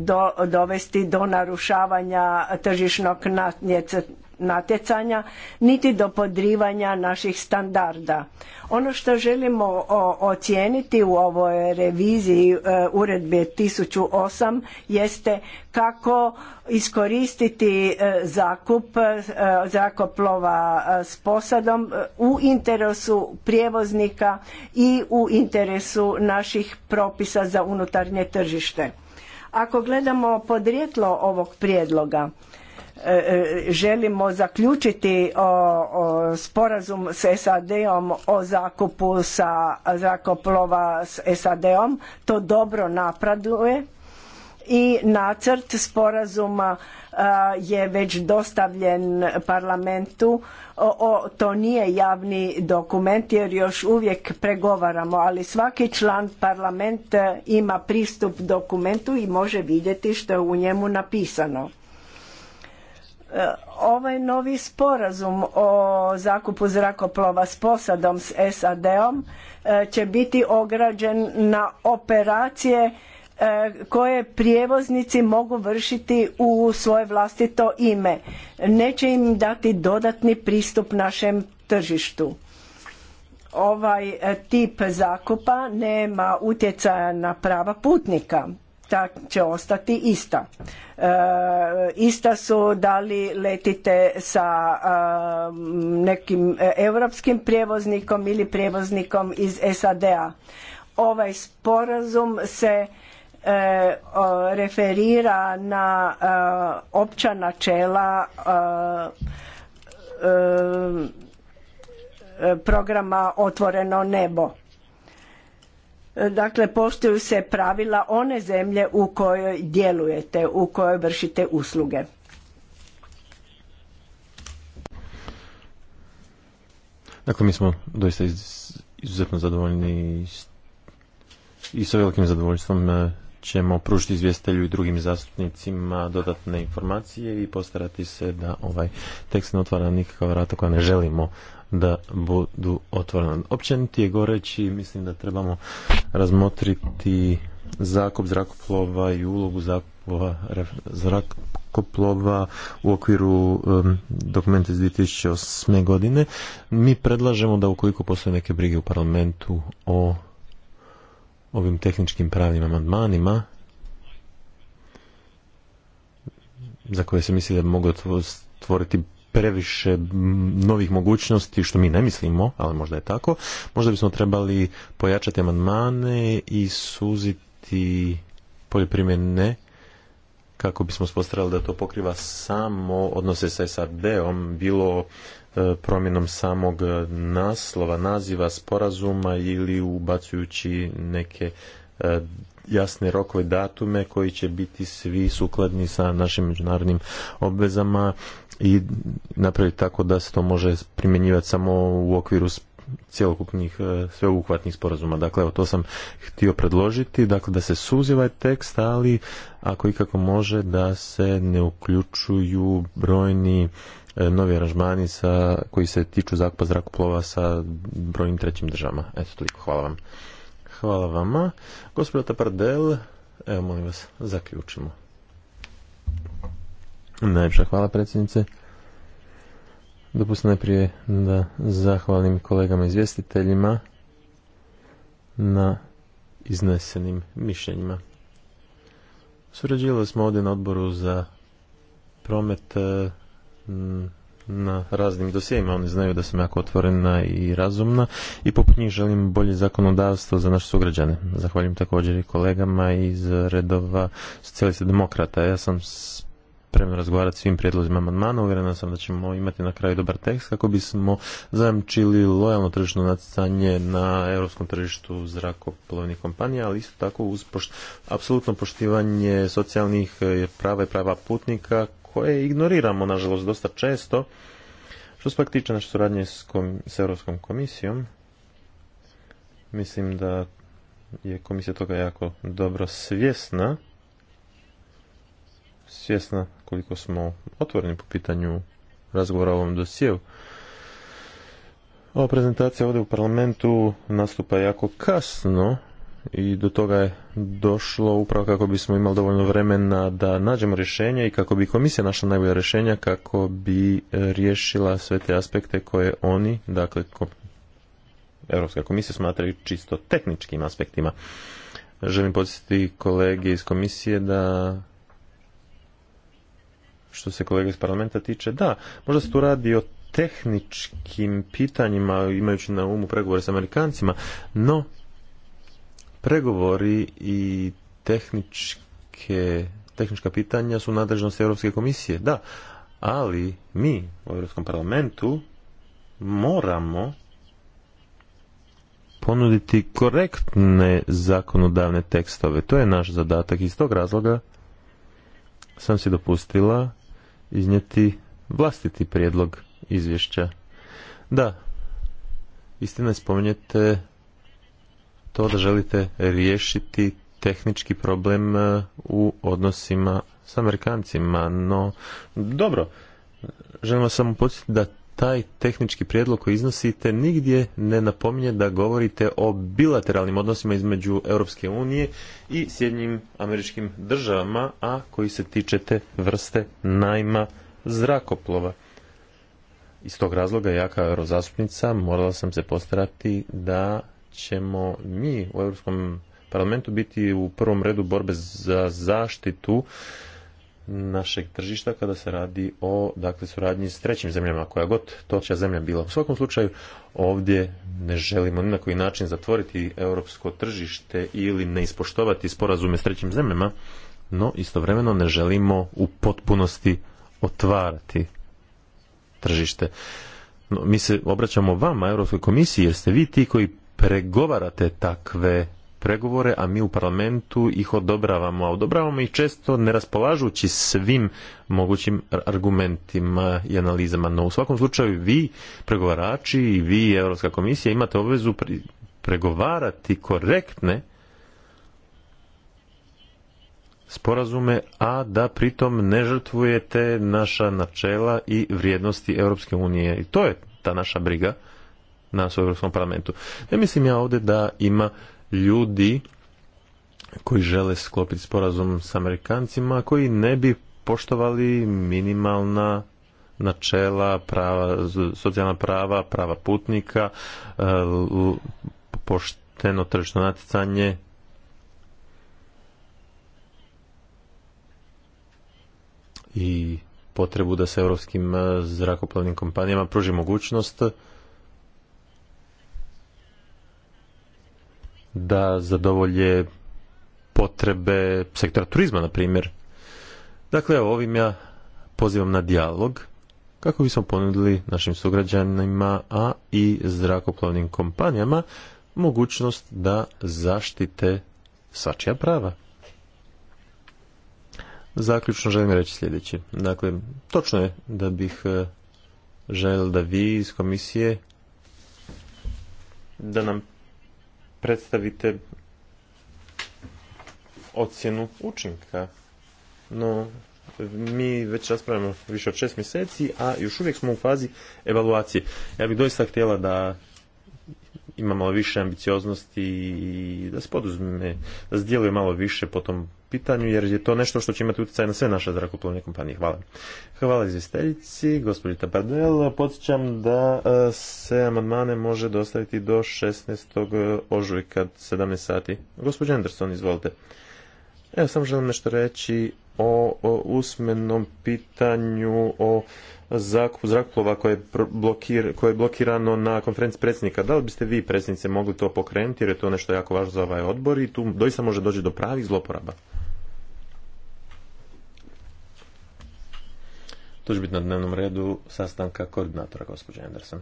dovesti do narušavanja tržišnog natjecanja natjecanja niti do podrivanja naših standarda. Ono što želimo ocijeniti u ovoj reviziji e, uredbe 1008 jeste kako iskoristiti e, zakup e, zrakoplova s posadom u interesu prijevoznika i u interesu naših propisa za unutarnje tržište. Ako gledamo podrijetlo ovog prijedloga, E, e, želimo zaključiti sporazum s SAD-om o zakupu sa zrakoplova s SAD-om, to dobro napreduje i nacrt sporazuma e, je već dostavljen parlamentu. O, to nije javni dokument jer još uvijek pregovaramo, ali svaki član parlamenta ima pristup dokumentu i može vidjeti što je u njemu napisano E, ovaj novi sporazum o zakupu zrakoplova s posadom s SAD-om e, će biti ograđen na operacije e, koje prijevoznici mogu vršiti u svoje vlastito ime. Neće im dati dodatni pristup našem tržištu. Ovaj tip zakupa nema utjecaja na prava putnika ta će ostati ista. E, ista su da li letite sa e, nekim e, europskim prijevoznikom ili prijevoznikom iz SAD-a. Ovaj sporazum se referira na opća načela programa Otvoreno nebo Dakle, poštuju se pravila one zemlje u kojoj djelujete, u kojoj vršite usluge. Dakle, mi smo doista izuzetno zadovoljni i sa velikim zadovoljstvom e, ćemo pružiti izvjestelju i drugim zastupnicima dodatne informacije i postarati se da ovaj tekst ne otvara nikakva vrata koja ne želimo da budu otvorena. je goreći, mislim da trebamo razmotriti zakup zrakoplova i ulogu zrakoplova u okviru dokumenta iz 2008. godine. Mi predlažemo da ukoliko postoje neke brige u parlamentu o ovim tehničkim pravnim amandmanima za koje se misli da mogu stvoriti previše novih mogućnosti, što mi ne mislimo, ali možda je tako, možda bismo trebali pojačati amandmane i suziti poljoprivredne kako bismo spostrali da to pokriva samo odnose sa SAD-om, bilo e, promjenom samog naslova, naziva, sporazuma ili ubacujući neke e, jasne rokove datume koji će biti svi sukladni sa našim međunarodnim obvezama i napraviti tako da se to može primjenjivati samo u okviru cjelokupnih e, sveobuhvatnih sporazuma. Dakle, evo to sam htio predložiti, dakle da se suziva ovaj tekst, ali ako ikako može da se ne uključuju brojni e, novi aranžmani sa, koji se tiču zakupa zrakoplova sa brojnim trećim državama. Eto, toliko. Hvala vam. Hvala vama. Gospodin Tapardel, evo molim vas, zaključimo. Najljepša hvala predsjednice. Dopustite najprije da zahvalim kolegama izvjestiteljima na iznesenim mišljenjima. Surađivali smo ovdje na odboru za promet na raznim dosijima, oni znaju da sam jako otvorena i razumna i poput njih želim bolje zakonodavstvo za naše sugrađane. Zahvaljujem također i kolegama iz redova socijalista demokrata. Ja sam spremno razgovarati svim prijedlozima amandmana. Uvjerena sam da ćemo imati na kraju dobar tekst kako bismo zajamčili lojalno tržišno natjecanje na europskom tržištu zrakoplovnih kompanija, ali isto tako uz apsolutno poštivanje socijalnih eh, prava i prava putnika koje ignoriramo, nažalost, dosta često. Što se pak tiče naše suradnje s, Europskom komisijom, mislim da je komisija toga jako dobro svjesna. Svjesna koliko smo otvoreni po pitanju razgovora o ovom dosijevu. Ova prezentacija ovdje u parlamentu nastupa jako kasno i do toga je došlo upravo kako bismo imali dovoljno vremena da nađemo rješenje i kako bi komisija našla najbolja rješenja kako bi e, riješila sve te aspekte koje oni, dakle Europska komisija smatraju čisto tehničkim aspektima. Želim podsjetiti kolege iz komisije da što se kolege iz parlamenta tiče, da, možda se tu radi o tehničkim pitanjima, imajući na umu pregovore s Amerikancima, no Pregovori i tehničke, tehnička pitanja su nadležnosti Europske komisije, da, ali mi u Europskom parlamentu moramo ponuditi korektne zakonodavne tekstove. To je naš zadatak. Iz tog razloga sam si dopustila iznijeti vlastiti prijedlog izvješća. Da, istina spominjete to da želite riješiti tehnički problem e, u odnosima s Amerikancima, no dobro, želim vas samo podsjetiti da taj tehnički prijedlog koji iznosite nigdje ne napominje da govorite o bilateralnim odnosima između Europske unije i sjednjim američkim državama, a koji se tiče te vrste najma zrakoplova. Iz tog razloga ja kao eurozastupnica morala sam se postarati da ćemo mi u Europskom parlamentu biti u prvom redu borbe za zaštitu našeg tržišta kada se radi o dakle, suradnji s trećim zemljama, koja god toća zemlja bila. U svakom slučaju ovdje ne želimo ni na koji način zatvoriti europsko tržište ili ne ispoštovati sporazume s trećim zemljama, no istovremeno ne želimo u potpunosti otvarati tržište. No, mi se obraćamo vama, Europskoj komisiji, jer ste vi ti koji pregovarate takve pregovore, a mi u parlamentu ih odobravamo, a odobravamo ih često ne raspolažući svim mogućim argumentima i analizama. No u svakom slučaju vi pregovarači i vi Europska komisija imate obvezu pregovarati korektne sporazume, a da pritom ne žrtvujete naša načela i vrijednosti Europske unije. I to je ta naša briga nas u Europskom parlamentu. Ne mislim ja ovdje da ima ljudi koji žele sklopiti sporazum s Amerikancima koji ne bi poštovali minimalna načela, prava, socijalna prava, prava putnika, e, pošteno tržno natjecanje. I potrebu da se europskim e, zrakoplovnim kompanijama pruži mogućnost da zadovolje potrebe sektora turizma, na primjer. Dakle, ovim ja pozivam na dijalog kako bismo ponudili našim sugrađanima, a i zrakoplovnim kompanijama mogućnost da zaštite svačija prava. Zaključno želim reći sljedeće. Dakle, točno je da bih e, želio da vi iz komisije da nam predstavite ocjenu učinka. No, mi već raspravljamo više od šest mjeseci, a još uvijek smo u fazi evaluacije. Ja bih doista htjela da ima malo više ambicioznosti i da se poduzme, da se djeluje malo više po tom pitanju jer je to nešto što će imati utjecaj na sve naše zrakoplovne kompanije. Hvala. Hvala izvjestiteljici, gospođi Tabardel. Podsjećam da e, se amandmane može dostaviti do 16. E, ožujka 17 sati. Gospođa Anderson, izvolite. Evo, samo želim nešto reći o, o usmenom pitanju o zakupu zrakoplova koje je, blokir, koje je blokirano na konferenciji predsjednika. Da li biste vi, predsjednice, mogli to pokrenuti jer je to nešto jako važno za ovaj odbor i tu doista može doći do pravih zloporaba? To će biti na dnevnom redu sastanka koordinatora, gospođa Anderson.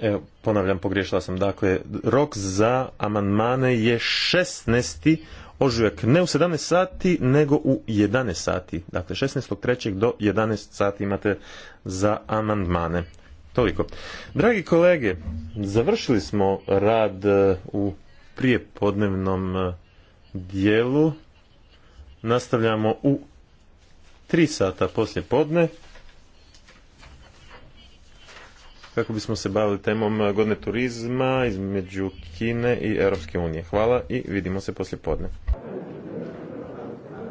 Evo, ponavljam, pogriješila sam. Dakle, rok za amandmane je 16 ožujak ne u 17 sati, nego u 11 sati. Dakle, 16.3. do 11 sati imate za amandmane. Toliko. Dragi kolege, završili smo rad e, u prijepodnevnom e, dijelu. Nastavljamo u 3 sata poslije podne. kako bismo se bavili temom godine turizma između Kine i Europske unije. Hvala i vidimo se poslije podne.